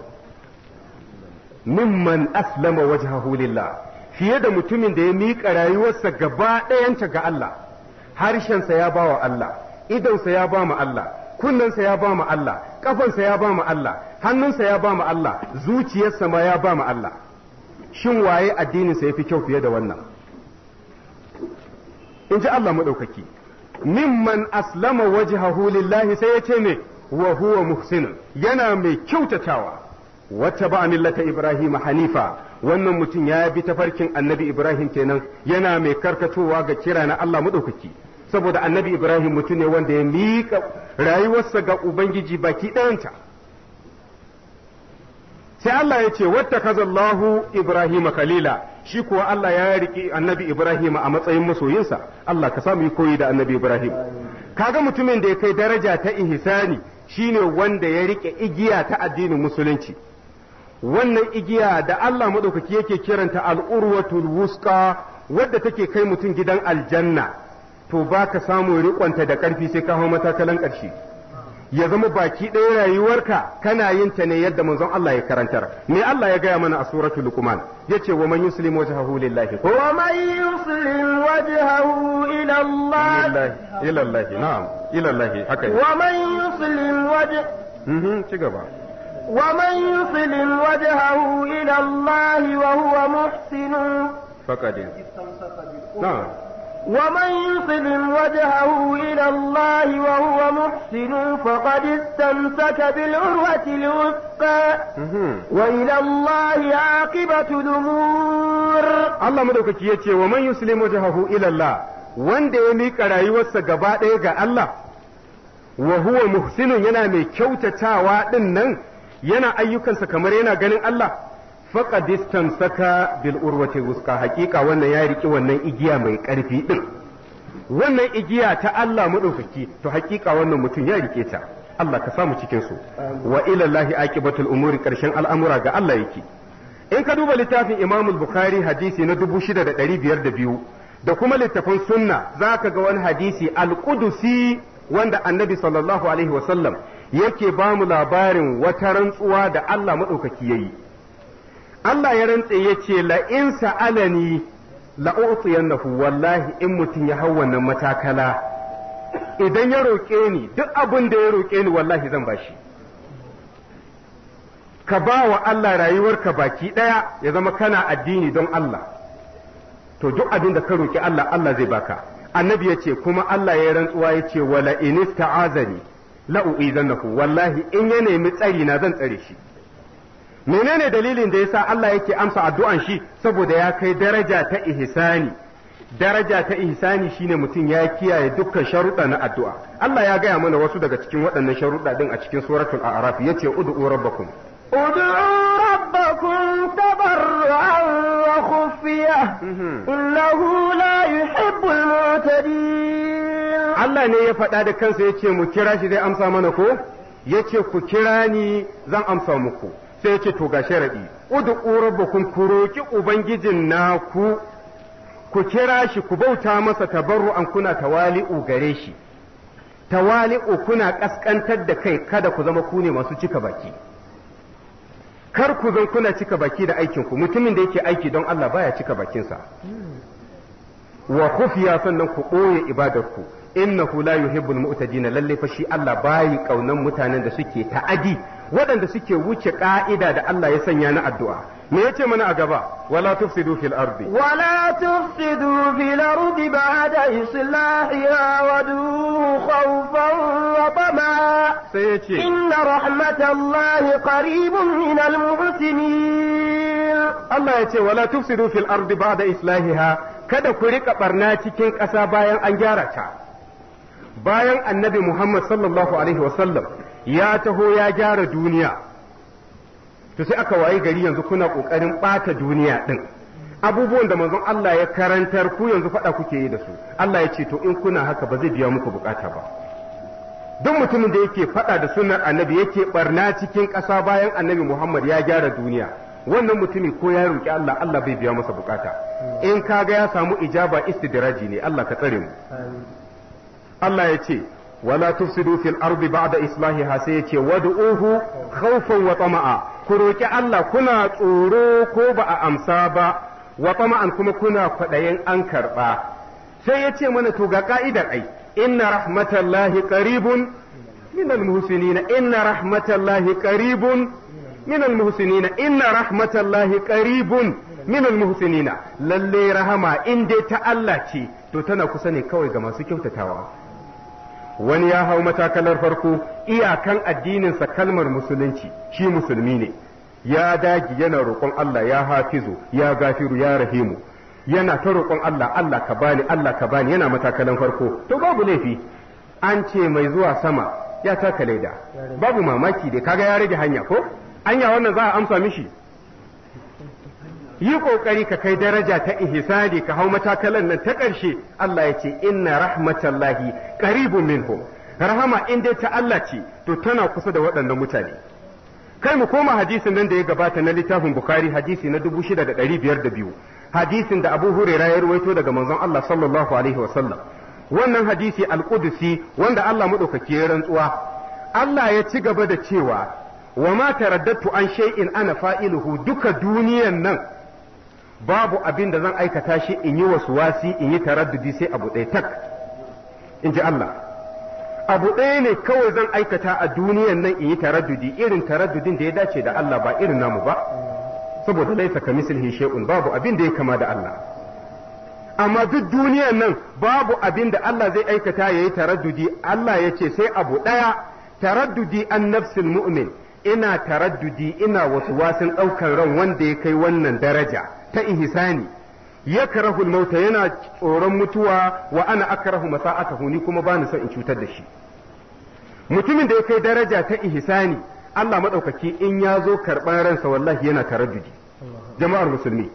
mimman aslama wajhahu lillah fiye da mutumin da ya miƙa rayuwarsa gaba ɗayanta ga Allah harshensa ya ba wa Allah idonsa ya ba mu Allah kunnensa ya ba mu Allah kafansa ya ba mu Allah hannunsa ya ba mu Allah zuciyarsa ma ya ba mu Allah shin waye addininsa ya fi kyau fiye da wannan in ji Allah maɗaukaki mimman aslama wajhahu lillahi sai ya ce me wa huwa muhsin yana mai kyautatawa wata ba millata Ibrahim hanifa wannan mutum ya bi tafarkin annabi Ibrahim kenan yana mai karkatowa ga kira na Allah maɗaukaki saboda annabi ibrahim mutum ne wanda ya miƙa rayuwarsa ga ubangiji baki ɗayanta sai Allah ya ce wata kazallahu ibrahim khalila shi kuwa Allah ya riƙi annabi ibrahim a matsayin masoyinsa Allah ka samu koyi da annabi ibrahim kaga mutumin da ya kai daraja ta ihsani shine wanda ya riƙe igiya ta addinin musulunci wannan igiya da Allah maɗaukaki yake kiranta al'urwatul wuska wadda take kai mutum gidan aljanna to ba ka samu riƙonta da ƙarfi sai ka hau matakalan ƙarshe ya zama baki ɗaya rayuwarka kana yin ta ne yadda manzon Allah ya karantar me Allah ya gaya mana a suratul luqman yace wa man yuslim wajhahu lillahi ko wa man yuslim wajhahu ila Allah ila Allah na'am ila Allah haka wa man yuslim wajh mhm ci gaba wa man yuslim wajhahu ila Allah wa huwa muhsin faqad na'am ومن يسلم وجهه إلى الله وهو محسن فقد استمسك بالعروة الوثقى وإلى الله عاقبة الأمور الله مدوك يتي ومن يسلم وجهه إلى الله wanda ya miƙa rayuwarsa gaba ɗaya ga Allah wahuwa huwa muhsinun yana mai kyautatawa ɗin nan yana ayyukansa kamar yana ganin Allah distan saka bil urwati wuska hakika wannan ya riki wannan igiya mai karfi din wannan igiya ta Allah madaukaki to hakika wannan mutum ya rike ta Allah ka samu cikin su wa ila lahi aqibatul umuri karshen al'amura ga Allah yake in ka duba littafin Imam Bukhari hadisi na 6502 da kuma littafin sunna zaka ga wani hadisi al-qudusi wanda annabi sallallahu alaihi wasallam yake ba mu labarin wata rantsuwa da Allah madaukaki yayi Allah ya rantse ya ce la in sa'alani la u'tiyannahu wallahi in mutum ya hau wannan matakala idan ya roƙe ni duk abin da ya roƙe ni wallahi zan bashi ka ba wa Allah rayuwarka baki ɗaya ya zama kana addini don Allah to duk abin da ka roƙi Allah Allah zai baka annabi ya ce kuma Allah ya rantsuwa ya ce wala in ista'azani la u'izannahu wallahi in ya nemi tsari na zan tsare shi menene dalilin da yasa Allah yake amsa addu'an shi saboda ya kai daraja ta ihsani daraja ta ihsani shine mutum ya kiyaye dukkan sharuɗa na addu'a Allah ya gaya mana wasu daga cikin waɗannan sharuɗa din a cikin suratul a'raf yace ud'u rabbakum ud'u ربكم تضرعا وخفية إنه لا يحب mu'tadin Allah ne ya faɗa da kansa yace mu kira shi zai amsa mana ko yace ku kira ni zan amsa muku sai ya ce to ga sharadi ud'u bukun ku roki ubangijin naku ku kira shi ku bauta masa an kuna tawali'u gare shi tawali'u kuna kaskantar da kai kada ku zama ku ne masu cika baki kar ku zan kuna cika baki da aikin ku mutumin da yake aiki don Allah baya cika bakinsa wa khufiya sannan ku ɓoye ibadarku innahu la yuhibbul mu'tadin lalle fa shi Allah bayi kaunan mutanen da suke ta'adi waɗanda suke wuce ka'ida da Allah ya sanya na addu'a me yace mana a gaba wala tufsidu fil ardi wala tufsidu fil ardi ba'da islahiha wa duhu khawfan wa tama sai yace inna rahmatallahi qaribun min al muhsinin Allah yace wala tufsidu fil ardi ba'da islahiha kada ku rika barna cikin ƙasa bayan an gyara ta bayan annabi Muhammad sallallahu alaihi wa sallam. ya taho ya gyara duniya to sai aka wayi gari yanzu kuna ƙoƙarin ɓata duniya ɗin abubuwan da manzon Allah ya karantar ku yanzu faɗa kuke yi da su Allah ya ce to in kuna haka ba zai biya muku bukata ba duk mutumin da yake faɗa da sunnar annabi yake barna cikin ƙasa bayan annabi Muhammad ya gyara duniya wannan mutumi ko ya roƙi Allah Allah bai biya masa bukata in kaga ya samu ijaba istidraji ne Allah ka tsare mu Allah ya ce wala tufsidu fil ardi ba'da islahiha sai yace wad'uhu khawfan wa tama'a ku roki Allah kuna tsoro ko ba a amsa ba wa tama'an kuma kuna kwadayin an karba sai yace mana tuga ga ka'idar ai inna rahmatallahi qaribun min almuhsinina inna rahmatallahi lalle rahama in dai ta Allah ce to tana kusa ne kawai ga masu kyautatawa wani ya hau matakalar farko iyakan addininsa kalmar musulunci shi musulmi ne ya dagi yana roƙon Allah ya hafizu ya gafiru ya rahimu yana ta roƙon Allah Allah ka bani Allah ka bani yana matakalar farko to babu laifi an ce mai zuwa sama ya taka laida babu mamaki dai kaga ya rage hanya ko anya wannan za a amsa mishi yi ƙoƙari ka kai daraja ta ihsani ka hau matakalan nan ta ƙarshe Allah ya ce inna rahmatallahi qaribun minhum rahama in dai ta Allah ce to tana kusa da waɗannan mutane kai mu koma hadisin nan da ya gabata na littafin bukhari hadisi na 6502 hadisin da abu huraira ya ruwaito daga manzon Allah sallallahu alaihi wasallam wannan hadisi al-Qudsi wanda Allah madaukaki ya rantsuwa Allah ya ci gaba da cewa wa ma taraddatu an shay'in ana fa'iluhu duka duniyan nan babu abin da zan aikata shi in yi wasu wasi in yi taraddudi sai abu ɗaya tak in ji Allah abu ɗaya ne kawai zan aikata a duniyan nan in yi taraddudi irin taraddudin da ya dace da Allah ba irin namu ba saboda laisa ka mislihi shay'un babu abin da ya kama da Allah amma duk duniyan nan babu abin da Allah zai aikata yayi taraddudi Allah ya ce sai abu ɗaya taraddudi an nafsil mu'min ina taraddudi ina wasu wasin ɗaukar ran wanda ya kai wannan daraja ta ihsani ya karahul mauta yana tsoron mutuwa wa ana akrahu masa'atahu ni kuma ba ni son in cutar da shi mutumin da ya kai daraja ta ihsani Allah madaukaki in ya zo karɓar ransa wallahi yana taraddudi jama'ar musulmi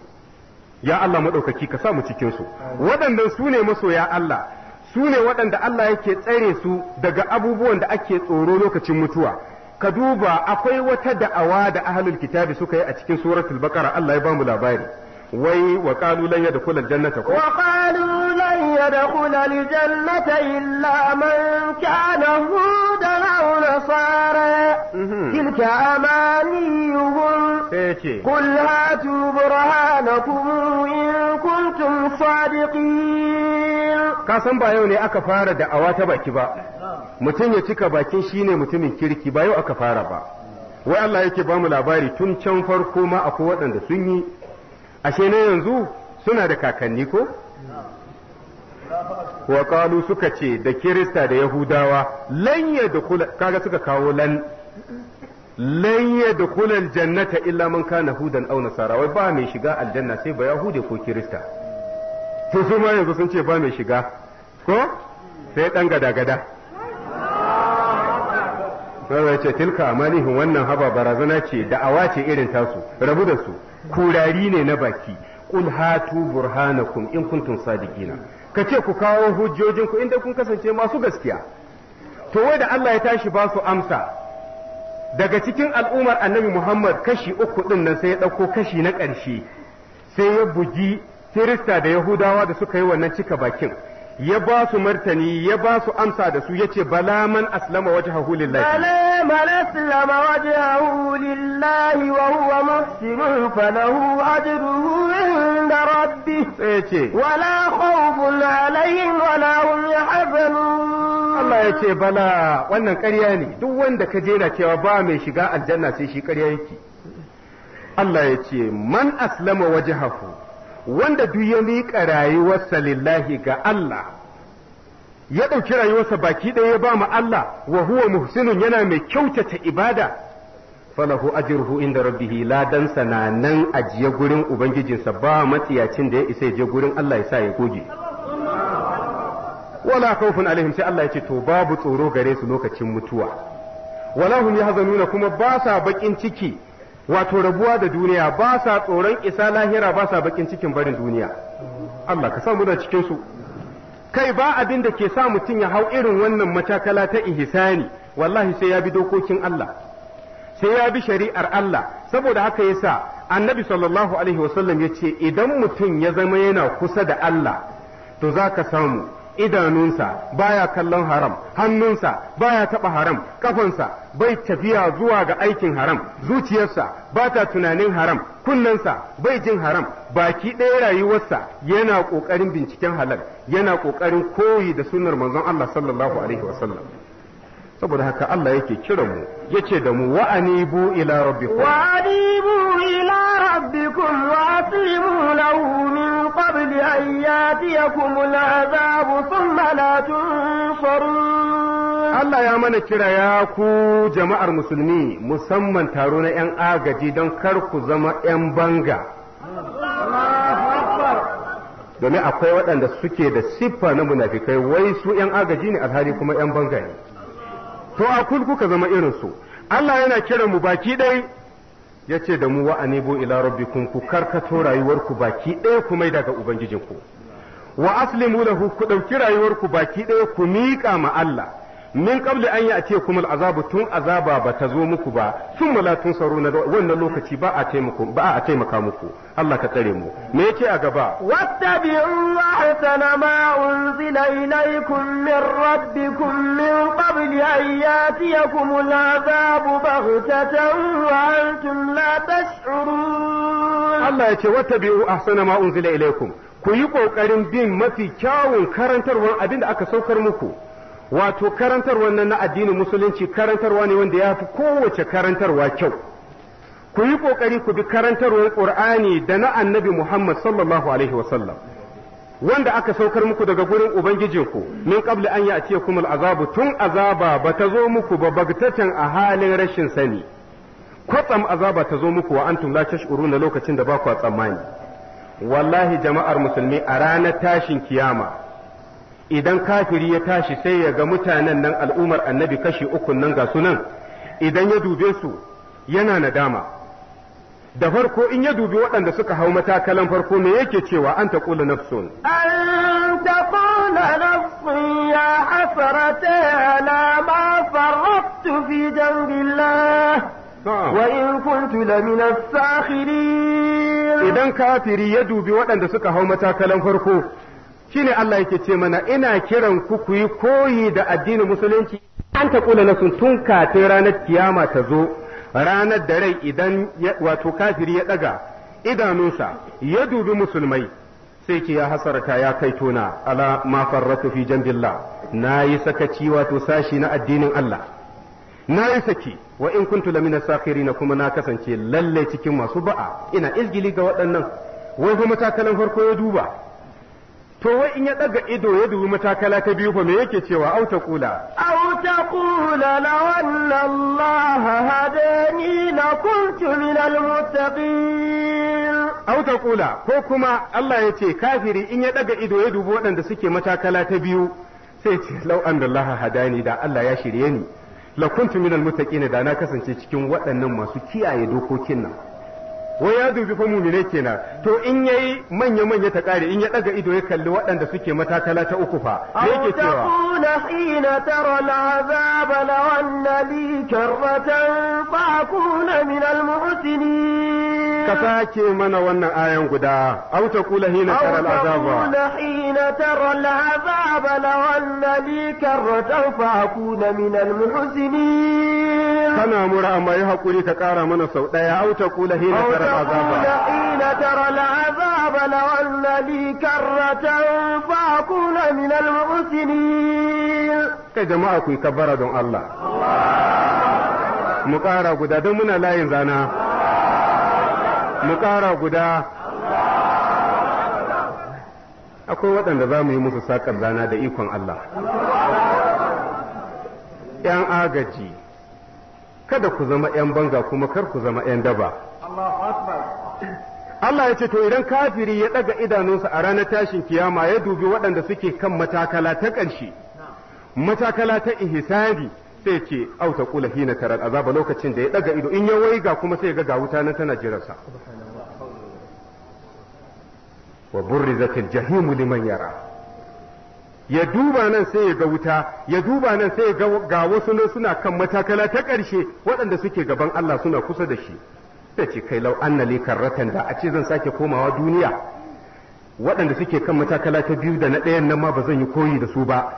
ya Allah madaukaki ka sa mu cikin su waɗannan su ne masoya Allah su ne waɗanda Allah yake tsare su daga abubuwan da ake tsoro lokacin mutuwa ka duba akwai wata da'awa da ahlul kitabi suka yi a cikin suratul baqara Allah ya bamu labari wai wa qalu lan yadkhul aljannata ko wa qalu lan yadkhul aljannata illa man kana hudan aw nasara tilka amaniyuhum sai qul hatu burhanakum in kuntum sadiqin ka san ba yau ne aka fara da awa ta baki ba mutum ya cika bakin shine mutumin kirki ba yau aka fara ba wai Allah yake ba mu labari tun can farko ma akwai waɗanda sun yi ashe ne yanzu suna da kakanni ko wa kalu suka ce da kirista da yahudawa lan kula kaga suka kawo lan lan yadkhul aljannata illa man kana hudan aw nasara wai ba mai shiga aljanna sai ba yahude ko kirista to su yanzu sun ce ba mai shiga ko sai ɗan gada-gada sai ce tilka amalihin wannan haba barazana ce da'awa ce irin tasu rabu da su kurari ne na baki kul hatu burhanakum in kuntum sadiqina kace ku kawo hujjojin ku inda kun kasance masu gaskiya to wai da Allah ya tashi ba su amsa daga cikin al'ummar annabi Muhammad kashi uku din nan sai ya dauko kashi na ƙarshe sai ya buji Kirista da Yahudawa da suka yi wannan cika bakin ya ba su martani ya ba su amsa da su yace bala man aslama wajhahu lillahi bala man aslama wajhahu lillahi wa huwa muhsinun falahu ajruhu inda rabbi. sai yace wala khawfun alaihim wala hum yahzanun Allah yace bala wannan ƙarya ne duk wanda ka jera cewa ba mai shiga aljanna sai shi ƙarya yake Allah yace man aslama wajhahu wanda duk ya miƙa rayuwarsa lillahi ga Allah ya ɗauki rayuwarsa baki ɗaya ya ba mu Allah wa huwa muhsinun yana mai kyautata ibada falahu ajruhu inda rabbihi dan sananan ajiye gurin ubangijinsa ba matsiyacin da ya isa ya je gurin Allah ya sa ya goge wala khawfun alaihim sai Allah ya ce to babu tsoro gare su lokacin mutuwa wala hum yahzanuna kuma ba sa bakin ciki wato rabuwa da duniya ba sa tsoron isa lahira ba sa bakin cikin barin duniya Allah ka samu da cikin su kai ba abin da ke sa mutum ya hau irin wannan matakala ta ihsani wallahi sai ya bi dokokin Allah sai ya bi shari'ar Allah saboda haka yasa annabi sallallahu alaihi wasallam ya idan mutum ya zama yana kusa da Allah to za ka samu idanunsa baya kallon haram hannunsa baya taɓa haram ƙafansa bai tafiya zuwa ga aikin haram zuciyarsa ba ta tunanin haram kunnensa bai jin haram baki ɗaya rayuwarsa yana ƙoƙarin binciken halal yana ƙoƙarin koyi da sunnar manzon Allah sallallahu alaihi wasallam saboda haka Allah yake kira mu yace da mu wa anibu ila rabbikum wa anibu ila rabbikum wa aslimu lahu min qabli an yatiyakum al'azab thumma la tunsarun Allah ya mana kira ya ku jama'ar musulmi musamman taro na 'yan agaji don kar ku zama 'yan banga domin akwai waɗanda suke da siffa na munafikai wai su 'yan agaji ne alhali kuma 'yan banga ne to a kun kuka zama irin su Allah yana kiran mu baki ɗaya yace da mu wa anibu ila rabbikum ku karkato rayuwarku baki ɗaya ku mai daga ubangijinku wa aslimu lahu ku ɗauki rayuwarku baki ɗaya ku miƙa ma Allah من قبل أن يأتيكم العذاب تون عذابا بتزومك با ثم لا تنصرون وإن اللوك تبا أتيمكم با أتيمكامكم الله كتريمو ميكي أقبا واتبعوا أحسن ما أنزل إليكم من ربكم من قبل أن يأتيكم العذاب بغتة وأنتم لا تشعرون الله يأتي واتبعوا أحسن ما أنزل إليكم كيكو قرم بين ما في كاو كارنتر وأبين أكسو كرمكم wato karantarwa nan na addinin musulunci karantarwa ne wanda ya fi kowace karantarwa kyau ku yi ƙoƙari ku bi karantarwar ƙur'ani da na annabi muhammad sallallahu alaihi wasallam wanda aka saukar muku daga gurin ubangijinku min qabli an ce kuma azabu tun azaba ba ta zo muku ba bagtatan a halin rashin sani kwatsam azaba ta zo muku wa antum la tash'uruna lokacin da ba ku tsammani wallahi jama'ar musulmi a ranar tashin kiyama idan kafiri ya tashi sai ya ga mutanen nan al'umar annabi kashi uku nan ga sunan idan ya dube su yana nadama da farko in ya dubi waɗanda suka hau matakalan farko me yake cewa an taqulu nafsun an taqula nafsun ya fi wa in kuntu idan kafiri ya dubi waɗanda suka hau matakalan farko shine Allah yake ce mana ina kiran ku ku yi koyi da addinin musulunci an ta kula na sun tun kafin ranar kiyama ta zo ranar da rai idan wato kafiri ya daga idanunsa ya dubi musulmai sai ke ya hasarta ya kai tona ala ma farratu fi jambillah na sakaci wato sashi na addinin Allah nayi yi saki wa in kuntu lamina sakirina kuma na kasance lalle cikin masu ba'a ina izgili ga waɗannan wai kuma takalan farko ya duba to wai in ya daga ido ya dubi matakala ta biyu fa me yake cewa au ta kula au ta kula la hadani la kuntu min al muttaqin au kula ko kuma Allah ya ce kafiri in ya daga ido ya dubi waɗanda suke matakala ta biyu sai ce lau an Allah hadani da Allah ya shirye ni la kuntu min al muttaqin da na kasance cikin waɗannan masu kiyaye dokokin nan wai ya dubi fa mumine kenan to in yayi manya manya ta kare in ya daga ido ya kalli waɗanda suke matakala ta uku fa me yake cewa taquna hina tara al'azab law anna li karratan fa akuna min al-muhsinin ka sake mana wannan ayan guda aw taqula hina tara al'azab aw taqula hina tara al'azab law anna li karratan fa akuna min al-muhsinin kana mura amma yi hakuri ka kara mana sau daya aw taqula hina tara العذاب حين ترى العذاب لو لي كرة فأكون من المحسنين كي jama'a ku كبرة دون don Allah mu ƙara guda don muna layin zana mu ƙara guda akwai waɗanda za mu yi musu saƙar zana da ikon Allah ‘yan agaji kada ku zama ‘yan banga kuma kar ku zama ‘yan daba’ Allah ya ce to idan kafiri ya daga idanunsa a ranar tashin kiyama ya dubi waɗanda suke kan matakala ta ƙarshe matakala ta ihsani sai ce auta kula hina taral azaba lokacin da ya daga ido in ya waiga kuma sai ga ga nan tana jirarsa. wa burrizatil jahimu liman yara ya duba nan sai ya ga wuta ya duba nan sai ga wasu nan suna kan matakala ta ƙarshe waɗanda suke gaban Allah suna kusa da shi da ce kai lau an li karratan da a ce zan sake komawa duniya waɗanda suke kan matakala ta biyu da na ɗayan nan ma ba zan yi koyi da su ba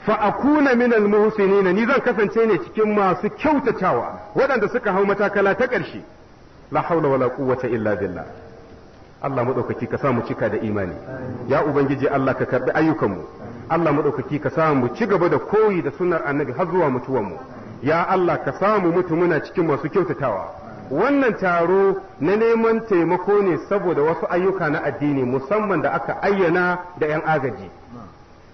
fa akuna min al muhsinina ni zan kasance ne cikin masu kyautatawa waɗanda suka hau matakala ta ƙarshe la haula wala quwwata illa billah Allah maɗaukaki ka samu cika da imani ya ubangiji Allah ka karbi ayyukanmu Allah maɗaukaki ka samu ci gaba da koyi da sunnar annabi har zuwa mutuwanmu ya Allah ka samu mutu muna cikin masu kyautatawa wannan taro na neman taimako ne saboda wasu ayyuka na addini musamman da aka ayyana da 'yan agaji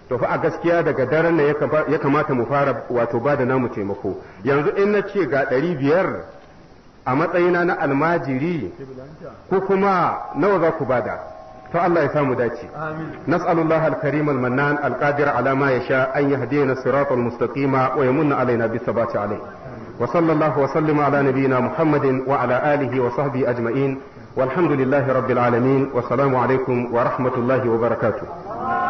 to fa a gaskiya daga daren nan ya kamata mu fara wato ba da namu taimako yanzu in na ce ga ɗari biyar a matsayina na almajiri ko kuma nawa za ku bada to Allah ya samu dace nas'alullahi al-karim al-mannan al-qadir ala ma yasha an yahdina siratal mustaqima wa yamunna alaina bi sabati alayhi وصلى الله وسلم على نبينا محمد وعلى آله وصحبه أجمعين والحمد لله رب العالمين والسلام عليكم ورحمة الله وبركاته